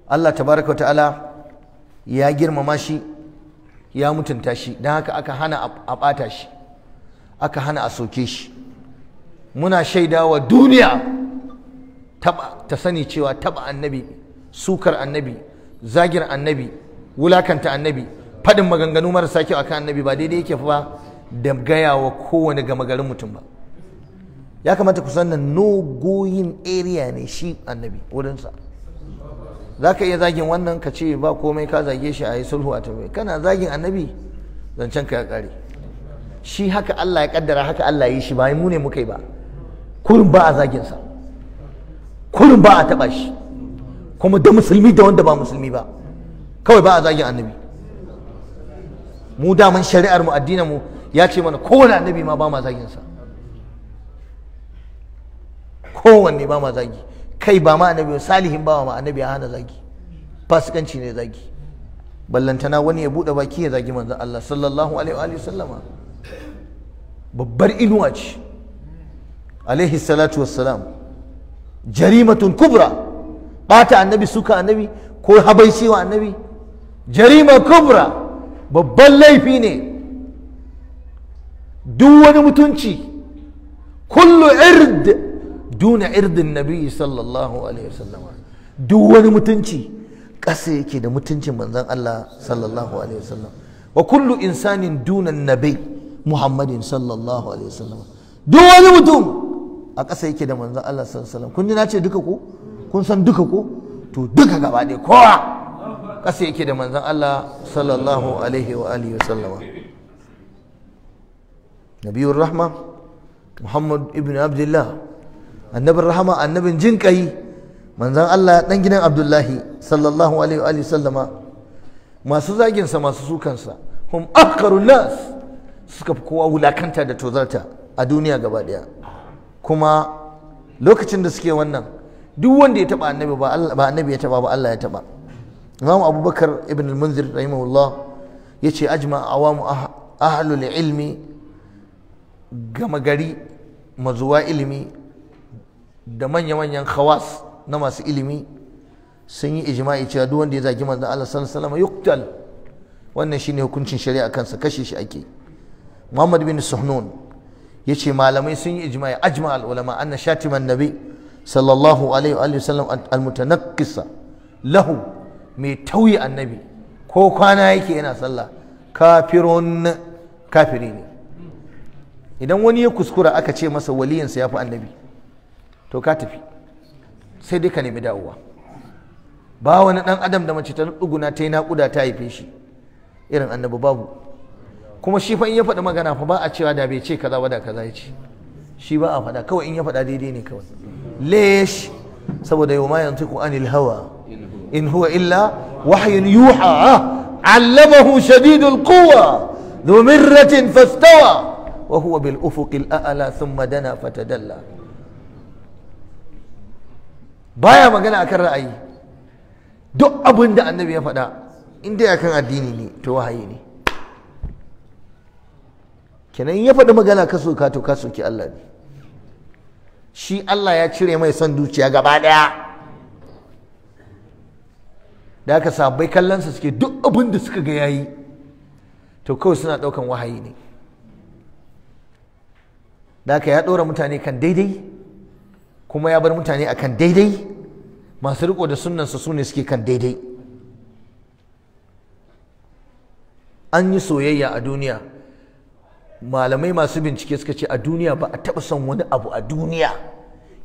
Allah tabaraka ta'ala ya girmama shi ya mutunta shi don haka aka hana a ɓata shi aka hana a soke shi muna shaida wa duniya ta sani cewa taba annabi sukar annabi zagir annabi wulakanta annabi faɗin maganganu marasa kyau akan annabi ba daidai yake fa da gaya wa kowane gama garin mutum ba ya kamata ku sannan no going area ne shi annabi wurinsa za ka iya zagin wannan ka ce ba komai ka zage shi a yi sulhu a tafi kana zagin annabi zancen ka ya kare shi haka Allah ya kaddara haka Allah ya yi shi ba mu ne muka yi ba kurin ba a zagin sa kurin ba a taba shi kuma da musulmi da wanda ba musulmi ba kawai ba a zagin annabi mu daman shari'ar mu addinin mu ya ce mana kowane annabi ma ba ma zagin sa kowanne ba ma zagi kai ba ma annabi salihin ba ma annabi ya hana zagi fasikanci ne zagi ballantana wani ya bude baki ya zagi manzon Allah sallallahu alaihi wa sallama babbar inuwa ce alaihi salatu wassalam jarimatun kubra bata annabi suka annabi ko habaici wa annabi jarima kubra babban laifi ne duk wani mutunci kullu ird duna irdin nabi sallallahu alaihi wasallam duk wani mutunci ƙasa yake da mutuncin manzon Allah sallallahu alaihi wasallam wa kullu insanin dunan nabi muhammadin sallallahu alaihi wasallam duk wani mutum a ƙasa yake da manzon Allah sallallahu alaihi wasallam kun ji na duka ko kun san duka ko to duka gaba ɗaya kowa ƙasa yake da manzon Allah sallallahu alaihi wa alihi wasallam nabiyur muhammad ibn abdullah annabin rahama annabin jin kai manzon Allah ɗan gidan Abdullahi sallallahu alaihi wa sallama masu zaginsa masu sukansa hum akkarun nas suka fi kowa wulakanta da tozarta a duniya gaba daya kuma lokacin da suke wannan duk wanda ya taba annabi ba annabi ya taba ba Allah ya taba Imam Abubakar ibn al-Munzir rahimahullah yace ajma awamu ah, ahlul ilmi gama gari mazuwa ilimi da manya-manyan khawas na masu ilimi sun yi ijma'i cewa duk wanda ya zagi manzo Allah sallallahu alaihi yuktal wannan shine hukuncin shari'a kansa kashe shi ake Muhammad bin Suhnun yace malamai sun yi ijma'i ajma al ulama anna shatiman nabi sallallahu alaihi wa sallam al mutanaqqisa lahu mai tauyi annabi ko kwana yake yana sallah kafirun kafiri ne idan wani ya kuskura aka ce masa waliyansa ya fi annabi to ka tafi sai dai ka nemi dawowa ba wani dan adam da mace ta duguna ta yi naƙuda ta haife shi irin annabi babu kuma shi fa in ya faɗi magana fa ba a cewa da bai ce kaza ba da kaza ya ce shi ba a faɗa kawai in ya faɗa daidai ne kawai lesh saboda yau ma yantiku anil hawa in huwa illa wahyun yuha allamahu shadidul quwa ذو مرة فاستوى وهو بالأفق الأعلى madana fata فتدلى baya magana akan ra'ayi duk abin da annabi ya faɗa inda ya kan addini ne to wahayi ne kenan ya faɗi magana ka soka to ka soki Allah ne shi Allah ya cire mai son dukiya gaba ɗaya da aka sabai kallonsa suke duk abin da suka ga yayi to kawai suna ɗaukan wahayi ne da aka ya ɗora mutane kan daidai kuma ya bar mutane a kan daidai masu riko da sunansa su ne suke kan daidai an yi soyayya a duniya malamai masu bincike suka ce a duniya ba a taɓa son wani abu a duniya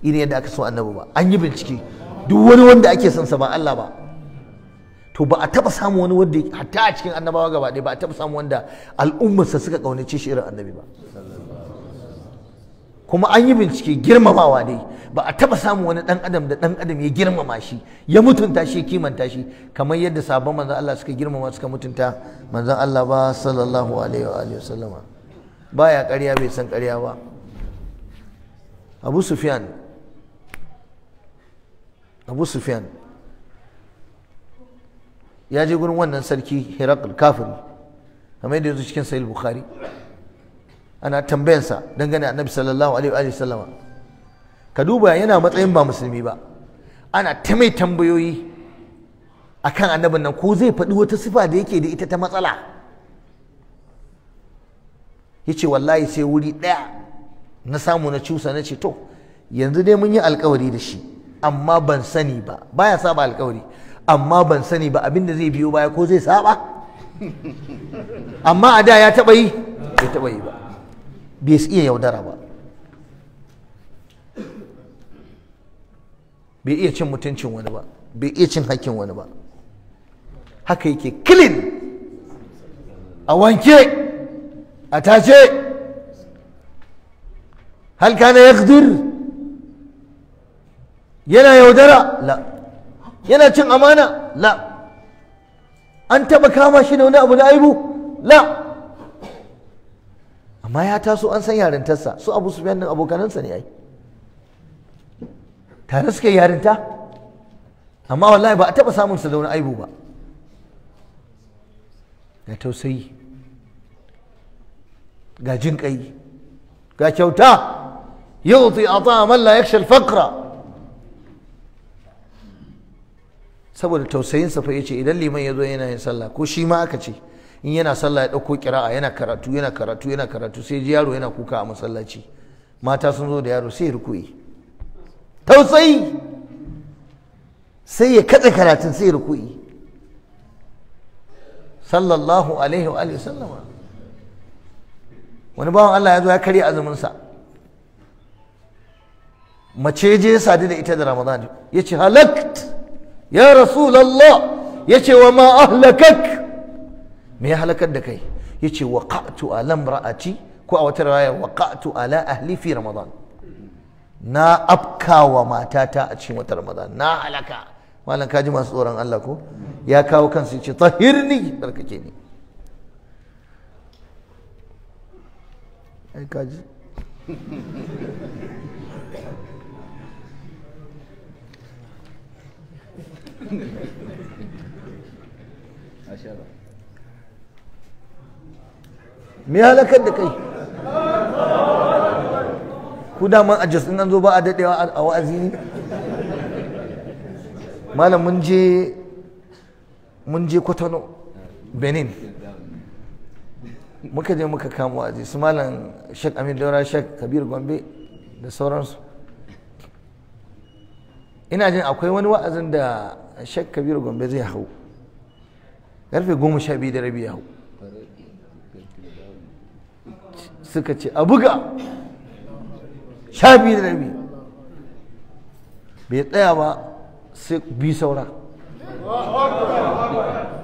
irin yadda aka so annabi ba an yi bincike duk wani wanda ake son sa ba Allah ba to ba a taɓa samun wani wanda hatta a cikin annabawa gaba ɗaya ba a taɓa samun wanda al'ummarsa suka ƙaunace shi irin annabi ba kuma an yi bincike girmamawa dai ba a taba samun wani dan adam da dan adam ya girmama shi ya mutunta shi ya kimanta shi kamar yadda sabon manzon Allah suka girmama suka mutunta manzon Allah ba sallallahu alaihi wa alihi wasallama baya ƙarya bai san ƙarya ba Abu Sufyan Abu Sufyan ya je gurin wannan sarki Hiraqul Kafir kamar yadda yanzu cikin Sahih Bukhari ana tambayansa dangane annabi sallallahu alaihi wa sallama ka duba yana matsayin ba musulmi ba ana ta mai tambayoyi akan annabin nan ko zai faɗi wata sifa da yake da ita ta matsala yace wallahi sai wuri ɗaya na samu na cusa na ce to yanzu dai mun yi alkawari da shi amma ban sani ba baya saba alkawari amma ban sani ba abinda zai biyo baya ko zai saba (laughs) amma a da ya taɓa yi bai taɓa yi ba bai iya yaudara ba bai iya cin mutuncin wani ba bai iya cin hakkin wani ba haka yake kilin a wanke a tace halka na yakdir yana yaudara la yana cin amana la an taba kama shi da wani abu da aibu la amma ya taso an san yarintarsa su abu su nan abokanansa ne ai tare suka yarinta amma wallahi ba a taɓa samunsa da wani aibu ba ga tausayi ga jin ƙai ga kyauta yuti ata man la yakhsha al-faqra saboda tausayinsa fa ce idan liman ya zo yana yin sallah ko shi ma aka ce in yana sallah ya ɗauko kira'a yana karatu yana karatu yana karatu sai ji yaro yana kuka a masallaci mata sun zo da yaro sai rukuyi tausayi sai ya katse karatun sai rukuyi sallallahu alaihi wa alihi sallama wani bawan Allah ya zo ya karya azuminsa mace je sadu da ita da Ramadan ya ce halakt ya rasulallah ya ce wa ma ahlakak me ya halakar da kai yace waqa'tu ala imra'ati ko a wata riwaya waqa'tu ala ahli fi ramadan na afkawa matata a cikin wata ramadan na halaka malam kaji masu tsoron Allah ko ya kawo kansa yace tahirni barkake ni ai kaji Maşallah. me halakar da kai ku daman a jos an zo ba a dadewa a wa'azi ne malam mun je mun je kwatano benin muka je muka kamo wa'azi su malam shek amin daura shek kabir gombe da sauransu ina jin akwai wani wa'azin da shek kabir gombe zai hau karfe goma sha biyu da rabi ya hau suka ce a buga sha biyu da rabi bai tsaya ba sai bi saura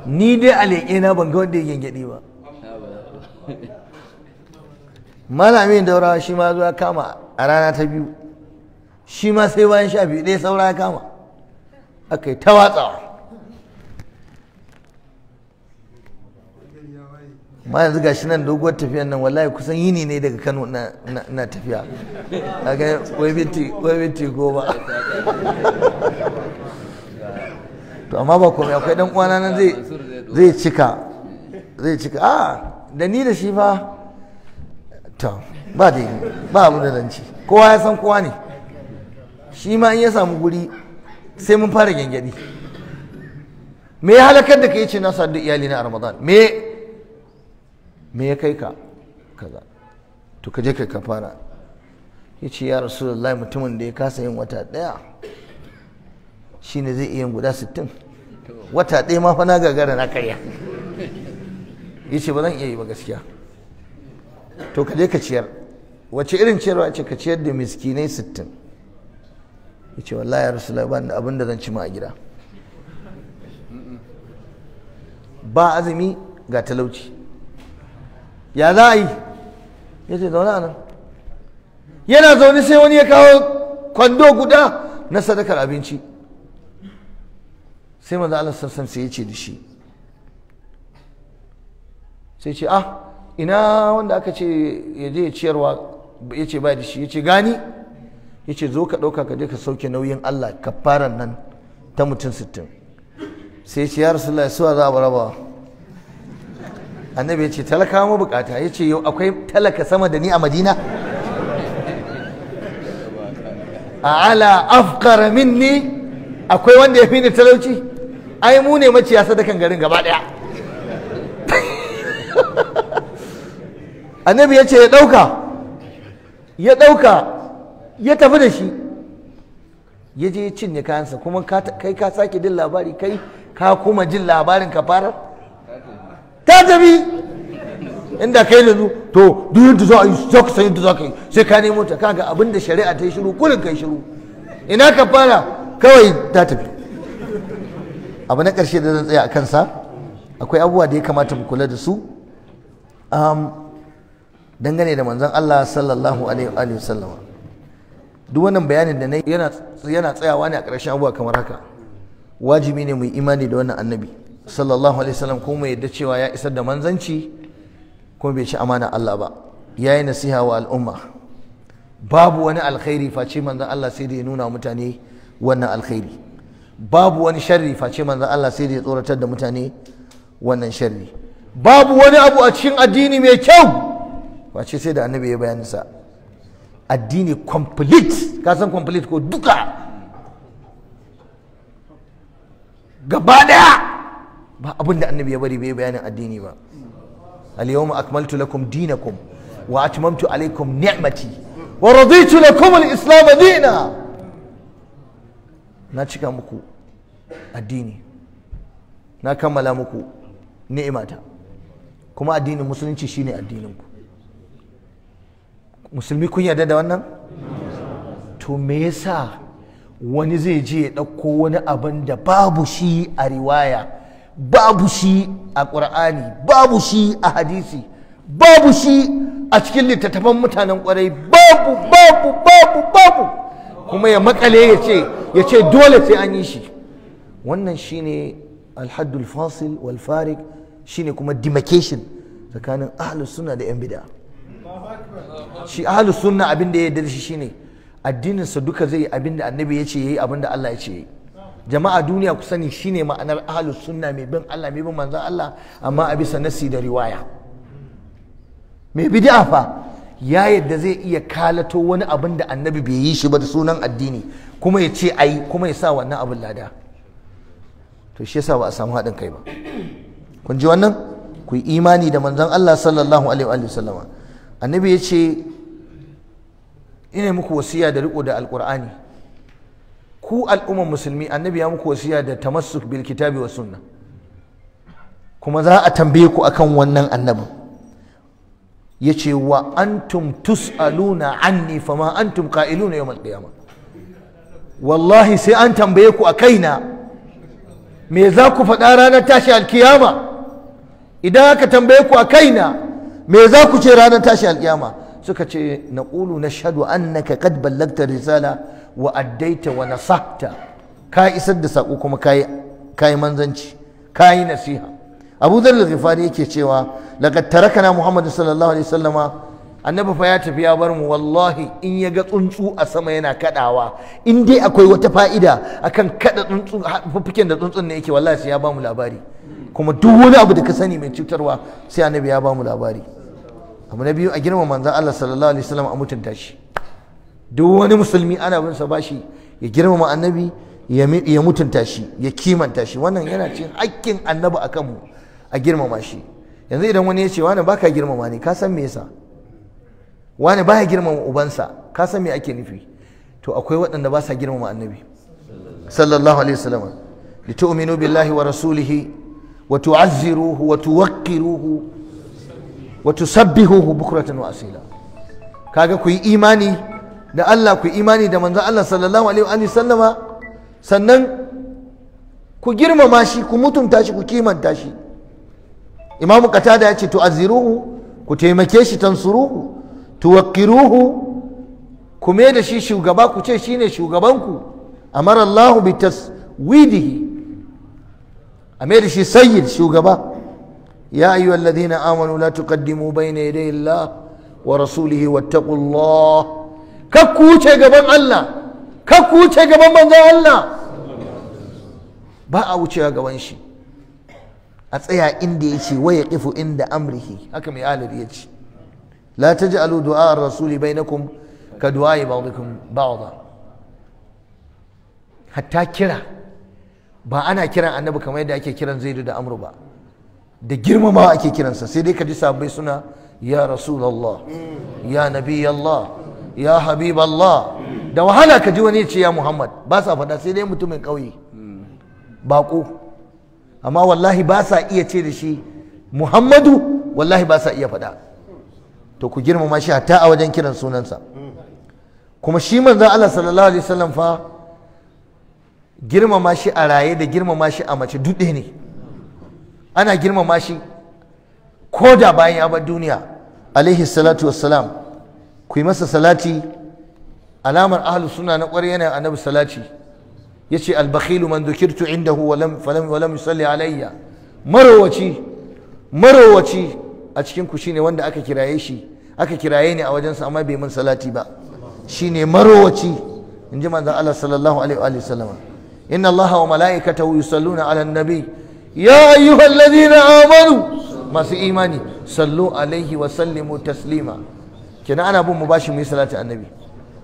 ni dai a leƙe na ban ga wanda ya gyangyaɗe ba malamin daurawa shi ma zuwa kama a rana ta biyu shi ma sai bayan sha biyu ɗaya saura ya kama aka yi ta watsawa ma yanzu gashi nan doguwar tafiyan nan wallahi kusan yini ne daga Kano na tafiya kaga wai binti wai binti goma to amma ba komai akwai dan uwana nan zai zai cika zai cika a da ni da shi fa to ba yi ba abu da zanci kowa ya san kowa ne shi ma in ya samu guri sai mun fara gyangyaɗi me ya halakar da kai ce na sadu iyali na a ramadan me me ya kai ka kaza to ka je kai kafara ya ce ya rasulullahi mutumin da ya kasa yin wata ɗaya shine zai iya guda sittin wata ɗaya ma fa na gagara na karya ya ce ba zan iya yi ba gaskiya to ka je ka ciyar wace irin ciyarwa ce ka ciyar da miskinai sittin ya ce wallahi ya rasu ban da abin da zan ci ma a gida ba azumi ga talauci ya za a yi ya ce zaune a nan yana zaune sai wani ya kawo kwando guda na sadakar abinci sai maza Allah sassan sai ya ce da shi sai ce ah ina wanda aka ce ya je ya ciyarwa ya ce ba da shi ya ce gani ya ce zo ka ɗauka ka je ka sauke nauyin Allah ka fara nan ta mutum sittin sai ce ya rasu Allah ya suwa za a rabawa annabi ya ce talakawa mabukata ya ce yau akwai talaka sama da ni a madina a ala afkara minni akwai wanda ya fi ni talauci ai mu ne maciya sadakan garin gaba daya (laughs) annabi ya ce ya dauka ya dauka ya tafi da shi ya je ya cinye kayansa kuma kai ka sake jin labari kai ka kuma jin labarin kafarar ta tafi inda kai da to duyun yadda zuwa a yi za ka san yadda ka yi sai ka nemo ta kaga abin da shari'a ta yi shiru kullum kai shiru ina ka fara kawai ta tafi abu na ƙarshe da zan tsaya a kansa akwai abubuwa da ya kamata mu kula da su dangane da manzon Allah sallallahu alaihi wa sallama duk wannan bayanin da na yana tsayawa ne a ƙarshen abubuwa kamar haka wajibi ne mu yi imani da wannan annabi sallallahu alaihi wasallam ko mu yadda cewa ya isar da manzanci kuma bai ci amana Allah ba ya yi nasiha wa al'umma babu wani alkhairi face manzan Allah sai da ya nuna mutane wannan alkhairi babu wani sharri face manzan Allah sai da ya tsoratar da mutane wannan sharri babu wani abu a cikin addini mai kyau face sai da annabi ya sa addini complete ka san complete ko duka gaba daya ba abin da annabi ya bari bai bayanin addini ba al akmaltu lakum dinakum wa atmamtu alaykum ni'mati wa raditu lakum al-islam na cika muku addini na kammala muku ni'imata kuma addinin musulunci shine addinin ku musulmi kun yarda da wannan to me yasa wani zai je ya ɗauko wani abin da babu shi a riwaya babu shi a ƙur'ani babu shi a hadisi babu shi a cikin littattafan mutanen ƙwarai babu babu babu babu kuma ya makale ya ce ya ce dole sai an yi shi wannan shine alhaddul fasil wal farik shine kuma demarcation tsakanin ahlus sunna da yan bid'a shi ahlus sunna abin da ya yarda shi shine addinin sa duka zai abin da annabi ya ce yayi abin da Allah ya ce yayi jama'a duniya ku sani shine ma'anar ahlus sunna mai bin Allah mai bin manzon Allah amma a bisa nasi da riwaya mai bid'a fa ya yadda zai iya kalato wani abin da annabi bai yi shi ba da sunan addini kuma ya ce ai kuma ya sa wannan abin lada to shi yasa ba a samu haɗin kai ba kun ji wannan ku yi imani da manzon Allah sallallahu alaihi wa sallama annabi ya ce ina muku wasiya da riko da alqur'ani ku al'umman musulmi annabi ya muku wasiya da tamassuk bil kitabi wa sunna kuma za a tambaye ku akan wannan annabin yace wa antum tus'aluna anni fama antum qa'iluna yawm al-qiyama wallahi sai an tambaye ku a kaina me za ku faɗa ranar tashi alkiyama idan aka tambaye ku a kaina me za ku ce ranar tashi alkiyama suka ce naqulu nashhadu annaka qad ballagta risala wa addaita wa nasahta ka isar da sako kuma ka yi manzanci ka yi nasiha abu zar ghifari yake cewa laqad tarakana muhammad sallallahu alaihi wasallama annabi fa ya tafi ya bar mu wallahi in ya ga tsuntsu a sama yana kadawa in dai akwai wata fa'ida akan kada tsuntsu fifiken da tsuntsun ne yake wallahi sai ya ba mu labari kuma duk wani abu da ka sani mai cutarwa sai annabi ya ba mu labari abu na biyu a girma manzan Allah sallallahu alaihi wasallam a mutunta shi duk wani musulmi ana bin sa bashi ya girmama annabi ya mutunta shi ya kimanta shi wannan yana cin hakkin annabi akan mu a girmama shi yanzu idan wani ya ce wani baka girmama ne ka san me yasa wani baya girmama ubansa ka san me ake nufi to akwai waɗanda ba sa girmama annabi sallallahu alaihi wasallam litu'minu billahi wa rasulihi wa tu'azziruhu wa tuwaqqiruhu wa tusabbihuhu bukratan wa asila kaga ku yi imani da Allah ku imani da manzon Allah sallallahu alaihi wa sallama sannan ku girmama shi ku mutunta shi ku kimanta shi imamu qatada ya ce to aziruhu ku taimake shi tansuruhu tuwaqqiruhu ku me da shi shugaba ku ce shine shugabanku amara Allah bi taswidihi a me da shi sayyid shugaba ya ayyuhal ladina amanu la tuqaddimu bayna yaday Allah wa rasulihi wattaqullah kar ku wuce gaban Allah kar ku wuce gaban manzon Allah ba a wucewa gaban shi a tsaya inda ya ce waya ƙifu inda amrihi haka mai alir ya ce la ta ji alu du'a rasuli bai na kum ka du'a yi ba'udukun ba'uda hatta kira ba ana kiran annabi kamar yadda ake kiran zaidu da amru ba da girmamawa ake kiransa sai dai ka ji sabai suna ya rasulallah ya nabi allah ya habiballah da wahala ka ji wani ce ya muhammad ba sa faɗa sai dai mutumin ƙauye baƙo amma wallahi ba sa iya ce da shi muhammadu wallahi ba sa iya faɗa to ku girmama shi hatta a wajen kiran sunansa kuma shi manzo Allah sallallahu alaihi wasallam fa girmama shi a raye da girmama shi a mace duɗe ne ana girmama shi ko da bayan ya bar duniya alaihi salatu wassalam ku yi masa salati alamar ahlu suna na ƙwarai yana annabi salati Ya ce bakhilu man dhukirtu indahu wa lam falam wa yusalli alayya marowaci marowaci a cikin ku shine wanda aka kiraye shi aka kiraye ne a wajensa amma bai mun salati ba shine marowaci inji manzon Allah sallallahu alaihi wa sallama inna Allah wa mala'ikatahu yusalluna 'alan nabi ya ayyuhalladhina amanu masu imani sallu alaihi wa sallimu taslima kenan ana bin mu bashi mu yi salati annabi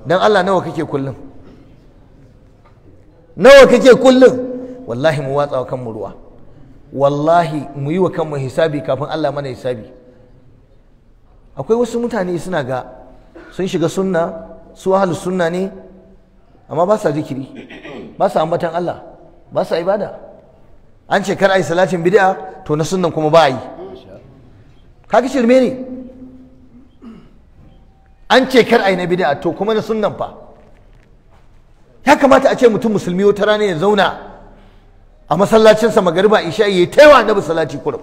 dan Allah nawa kake kullum nawa kake kullum wallahi mu watsa wa kanmu ruwa wallahi mu yi wa kanmu hisabi kafin Allah mana hisabi akwai wasu mutane suna ga sun shiga sunna su ahlu sunna ne amma ba sa zikiri ba sa ambatan Allah ba sa ibada an ce kar a yi salatin bid'a to na sunnan kuma ba yi shirme ne an ce kar a yi na bid'a to kuma na sunnan fa ya kamata a ce mutum musulmi wata rana ya zauna a masallacinsa magariba isha ya ta yawa annabi salati kurum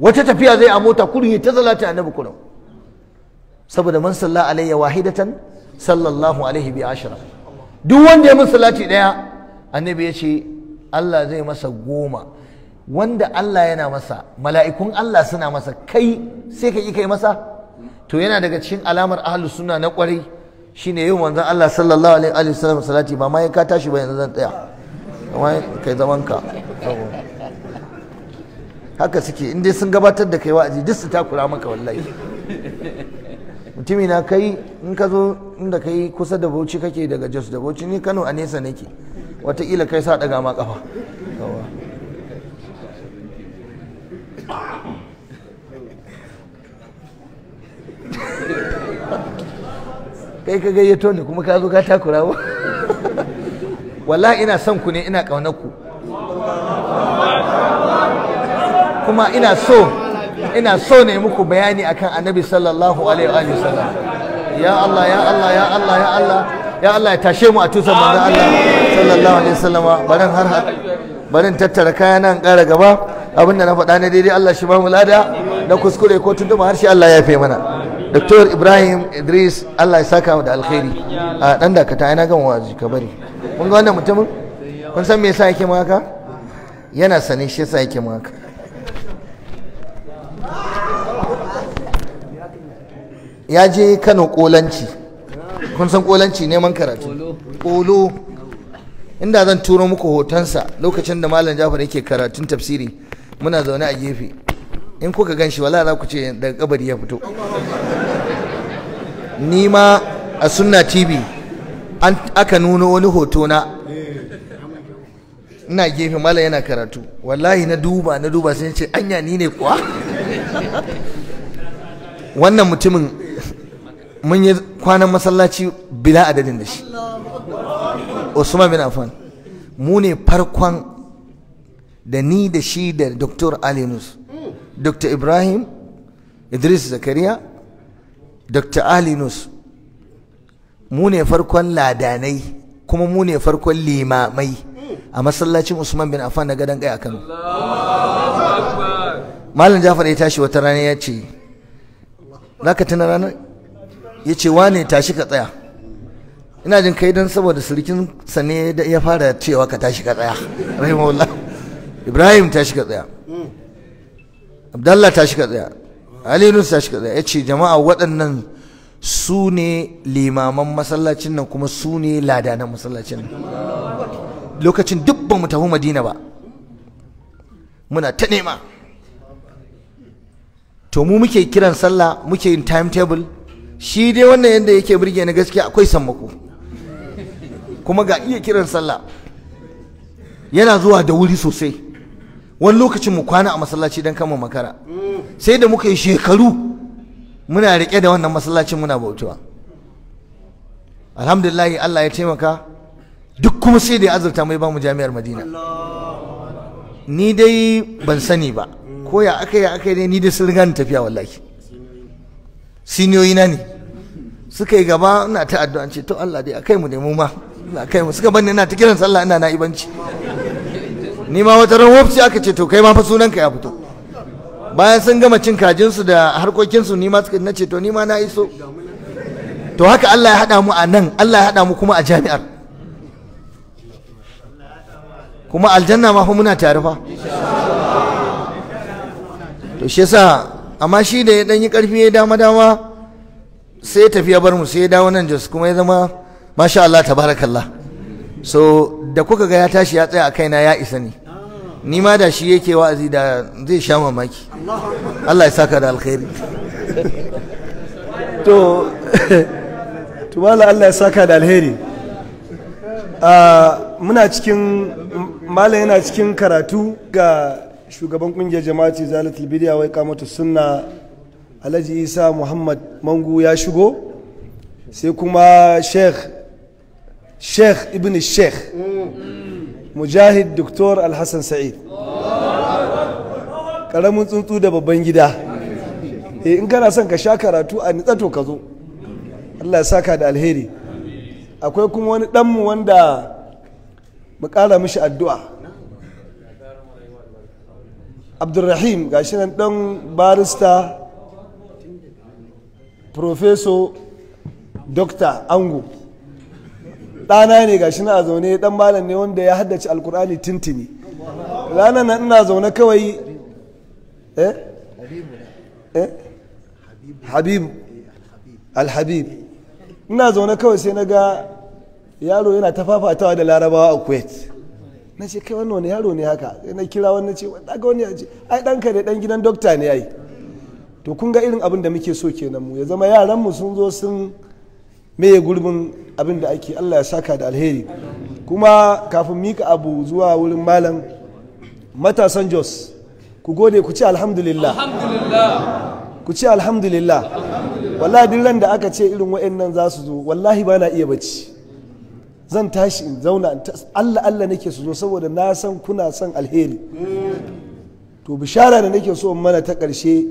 wata tafiya zai a mota kurum ya ta salati annabi kurum saboda man salla alayya wahidatan sallallahu alaihi bi ashara duk wanda ya min salati daya annabi ya ce Allah zai masa goma wanda Allah yana masa mala'ikun Allah suna masa kai sai ka yi kai masa to yana daga cikin alamar ahlus sunna na kwarai shine yau manzon Allah sallallahu alaihi wa sallam salati ba ma yin ka tashi ba yanzu zan tsaya amma kai zaman ka haka suke in dai sun gabatar da kai wa'azi duk su takura maka wallahi mutumina na kai in ka zo inda kai kusa da Bauchi kake daga Jos da Bauchi ni Kano a nesa nake watakila kai sa daga ma kafa kai ka gayyato ni kuma ka zo ka takura wa wallahi ina son ku ne ina kaunar ku kuma ina so ina so ne muku bayani akan annabi sallallahu alaihi wa sallam ya Allah ya Allah ya Allah ya Allah ya Allah ya tashe mu a tusan manzo Allah sallallahu alaihi wa sallama barin har barin tattara kayan nan ƙara gaba abinda na faɗa ne daidai Allah shi ba mu lada na kuskure ko tunduma har shi Allah ya fe mana Dr. Ibrahim Idris Allah ya saka da alkhairi a dan dakata ina gan waji ka bari kun ga wannan mutumin kun san me yasa yake maka yana sane shi yasa yake maka ya je Kano kolanci kun san kolanci neman karatu kolo inda zan turo muku hotonsa lokacin da malam Jafar yake karatun tafsiri muna zaune a gefe in kuka gan shi wala za ku ce daga kabari ya fito ni ma a sunna tv aka nuna wani hoto na ina gefe mala yana karatu wallahi na duba na duba sai ce anya ni ne kuwa wannan mutumin mun yi kwanan masallaci bila adadin da shi Usman bin Affan mu ne farkon da ni da shi da Dr. Alinus dr ibrahim idris zakariya dr alinus mu ne farkon ladanai kuma mu ne farkon limamai a masallacin usman bin affan na gadon kai a kano malam jafar ya tashi wata rana ya ce za ka tuna ranar ya ce wane tashi ka tsaya ina jin kai don saboda surikin sane ya fara cewa ka tashi ka tsaya rahimahullah ibrahim tashi ka tsaya abdallah ta shi ka tsaya ali ta ka tsaya Yace jama'a waɗannan su ne limaman masallacin nan kuma su ne ladanan masallacin nan lokacin duk ba mu tafi madina ba muna ta nema to mu muke kiran sallah muke yin timetable shi dai wannan yadda yake birge ni gaskiya akwai sammako kuma ga iya kiran sallah yana zuwa da wuri sosai wani lokacin mu kwana a masallaci dan kama makara sai da muka yi shekaru muna rike da wannan masallacin muna bautuwa alhamdulillahi Allah ya taimaka duk kuma sai da ya azurta mai mu jami'ar Madina ni dai ban sani ba ko ya aka yi aka yi ni dai sun riga ni tafiya wallahi siniyoyi na ne suka yi gaba ina ta addu'a ce to Allah dai akai mu ne mu ma Allah akai mu suka ni ina ta kiran sallah ina na ibanci ni ma wata ran wofci aka ce to kai ma fa sunanka ya fito bayan sun gama cin kajinsu da harkokinsu ni ma suka na ce to ni ma na iso to haka Allah ya haɗa mu a nan Allah ya haɗa mu kuma a jami'ar kuma aljanna ma fa muna tare fa to shi yasa amma shi da ya dan yi karfi ya dama dama sai tafiya bar mu sai ya dawo nan Jos kuma ya zama masha Allah tabarakallah so da kuka ga ya tashi ya tsaya a kaina ya isa ni. ni ma da shi yake wa'azi da zai sha mamaki Allah ya saka da alkhairi (laughs) to Allah ya saka da alheri muna cikin malam yana cikin karatu ga shugaban kungiyar jama'ati zalatul bidiya wai kamata sunna alhaji isa muhammad mangu ya shigo sai kuma sheikh sheikh ibn sheikh mm. mujahid doktor alhassan sa'id karamin tsuntsu da babban gida in kana son ka sha karatu a to ka zo allah ya saka da alheri akwai kuma wani ɗanmu wanda mu ƙara mishi addu'a abdulrahim ga shi nan ɗan barista professor dokta ango ɗana ne ga shi na zaune ɗan malam ne wanda ya haddace alkur'ani tintini ranar nan ina zaune kawai eh, eh? habib alhabib ina zaune kawai sai na ga yaro yana ta fafatawa da larabawa a kuwait na ce kai wannan wani yaro ne haka na kira wani ce daga wani ce ai ɗanka ne ɗan gidan dokta ne ai to kun ga irin abin da muke so kenan mu ya zama yaran mu sun zo sun me gurbin abin da ake Allah ya saka da alheri kuma kafin mika abu zuwa wurin malam matasan jos ku gode ku ce alhamdulillah ku ce alhamdulillah wallahi duk ran da aka ce irin waɗannan za su zo wallahi ba na iya bacci zan tashi in zauna Allah Allah nake su zo saboda na san kuna son alheri to bishara da nake so mana ta karshe.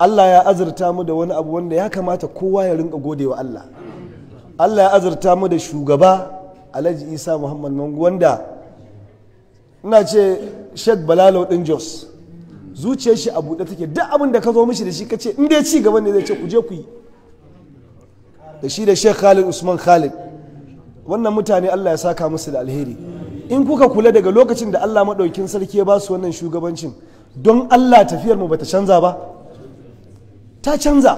Allah ya azurta mu da wani abu wanda ya kamata kowa ya rinka godewa Allah Allah ya azurta mu da shugaba Alhaji Isa Muhammad Mangu wanda ina ce Sheikh Balalo din Jos zuciyar shi a buɗe take duk abin da ka zo mishi da shi kace in dai ci gaba ne zai ce ku je ku yi da shi da Sheikh Khalid Usman Khalid wannan mutane Allah ya saka musu da alheri in kuka kula daga lokacin da Allah maɗaukin sarki ya ba su wannan shugabancin don Allah tafiyar mu bata canza ba ta canza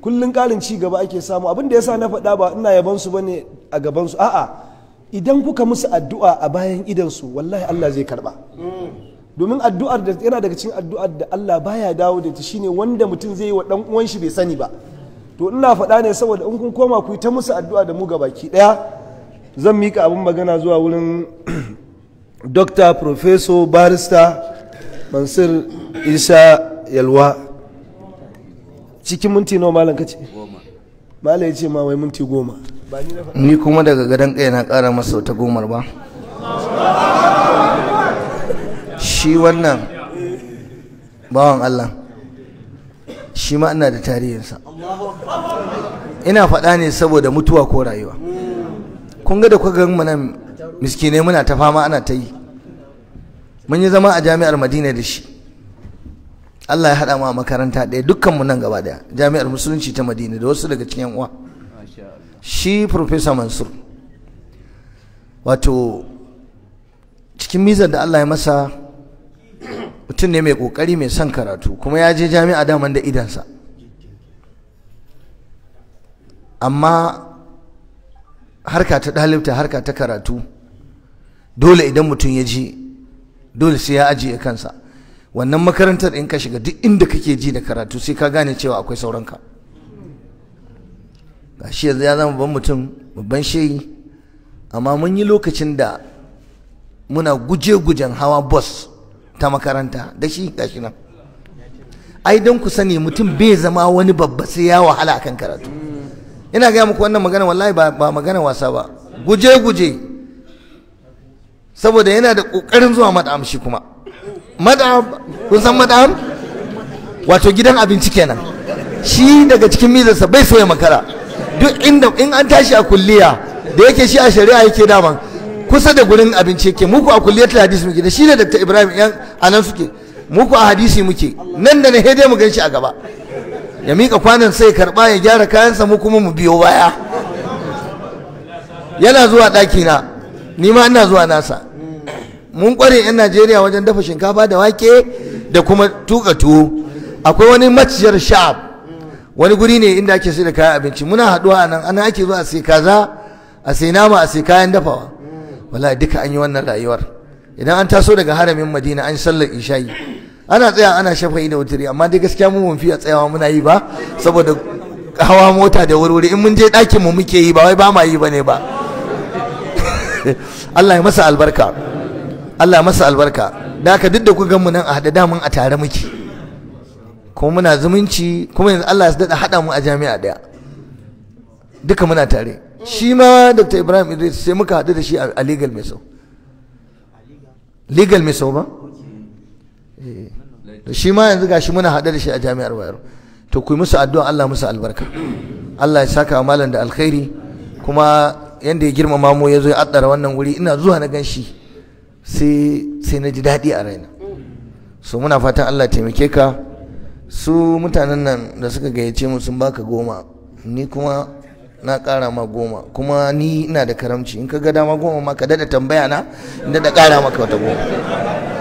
kullum ƙarin ci gaba ake samu abin da ya sa na faɗa ba ina yaban su ne a gaban su a'a idan kuka musu addu'a a bayan idan su wallahi Allah zai karɓa domin addu'ar da yana daga cikin addu'ar da Allah baya dawo da ta shine wanda mutum zai yi wa dan uwan shi bai sani ba to ina faɗa ne saboda in kun koma ku yi ta musu addu'a da mu ga baki ɗaya zan mika abin magana zuwa wurin (clears throat) dr professor barista mansur isa yalwa cikin minti nawa malam kace malam ya ce ma wai minti goma ni kuma daga gadon kai na ƙara masa ta gomar ba shi wannan bawan Allah shi ma ina da tarihinsa ina faɗa ne saboda mutuwa ko rayuwa kun ga da kuka gan nan miskinai muna ta fama ana ta yi mun yi zama a jami'ar madina da shi Allah ya haɗa mu a makaranta ɗaya dukkan mu nan gaba ɗaya jami'ar musulunci ta Madina da wasu daga cikin uwa shi professor Mansur wato cikin mizan da Allah ya masa mutum ne mai kokari mai son karatu kuma ya je jami'a daman da idansa amma harka ta ɗalibta harka ta karatu dole idan mutum ya ji dole sai ya ajiye kansa wannan makarantar in ka shiga duk inda kake ji da karatu sai ka gane cewa akwai sauranka ga shi yanzu ya zama babban mutum babban shehi amma mun yi lokacin da muna guje-gujen hawa bus ta makaranta da shi shi nan ai don ku sani mutum bai zama wani babba sai ya wahala akan karatu ina gaya muku wannan magana wallahi ba magana wasa ba guje-guje saboda yana da ƙoƙarin zuwa amshi kuma mad'am kun san mad'am wato gidan abinci kenan shi daga cikin mizarsa bai so makara duk inda in an tashi a kulliya da yake shi a shari'a yake daman kusa da gurin abinci yake muku a ta hadisi muke da shi da Dr. Ibrahim yan anan suke muku a hadisi muke nan da na hede mu ganshi a gaba ya mika kwanan sai karba ya gyara kayansa mu kuma mu biyo baya yana zuwa ɗakina ni ma ina zuwa nasa mun kware 'yan najeriya wajen dafa shinkafa da wake da kuma tuka tuwo akwai wani maciyar sha'ab wani guri ne inda ake sai da kayan abinci muna haɗuwa a nan ana ake zuwa a sai kaza a sai nama a sai kayan dafawa wallahi duka an yi wannan rayuwar idan an taso daga haramin madina an sallar isha'i ana tsaya ana shafa'i da wuturi amma dai gaskiya mu mun fiya tsayawa muna yi ba saboda hawa mota da wurwuri in mun je ɗakin mu muke yi ba wai ba ma yi bane ba (laughs) Allah ya masa albarka Allah masa albarka da haka duk da ku gan mu nan a da mun a tare muke kuma muna zumunci kuma yanzu Allah ya daɗa haɗa mu a jami'a ɗaya duka muna tare shi ma Dr. Ibrahim Idris sai muka haɗu da shi a legal mai legal mai ba ba eh. shi ma yanzu gashi muna haɗu da shi a jami'ar Bayero to ku yi musu addu'a Allah musu albarka Allah ya saka malam da alkhairi kuma yanda ya girmama mu ya zo ya addara wannan wuri ina zuwa na gan shi sai na ji daɗi a raina so muna fatan Allah taimake ka su mutanen nan da suka gayyace mu sun baka goma ni kuma na ƙara ma goma kuma ni ina da karamci in ka ga dama goma ma ka daɗa tambaya na in daɗa ƙara maka wata goma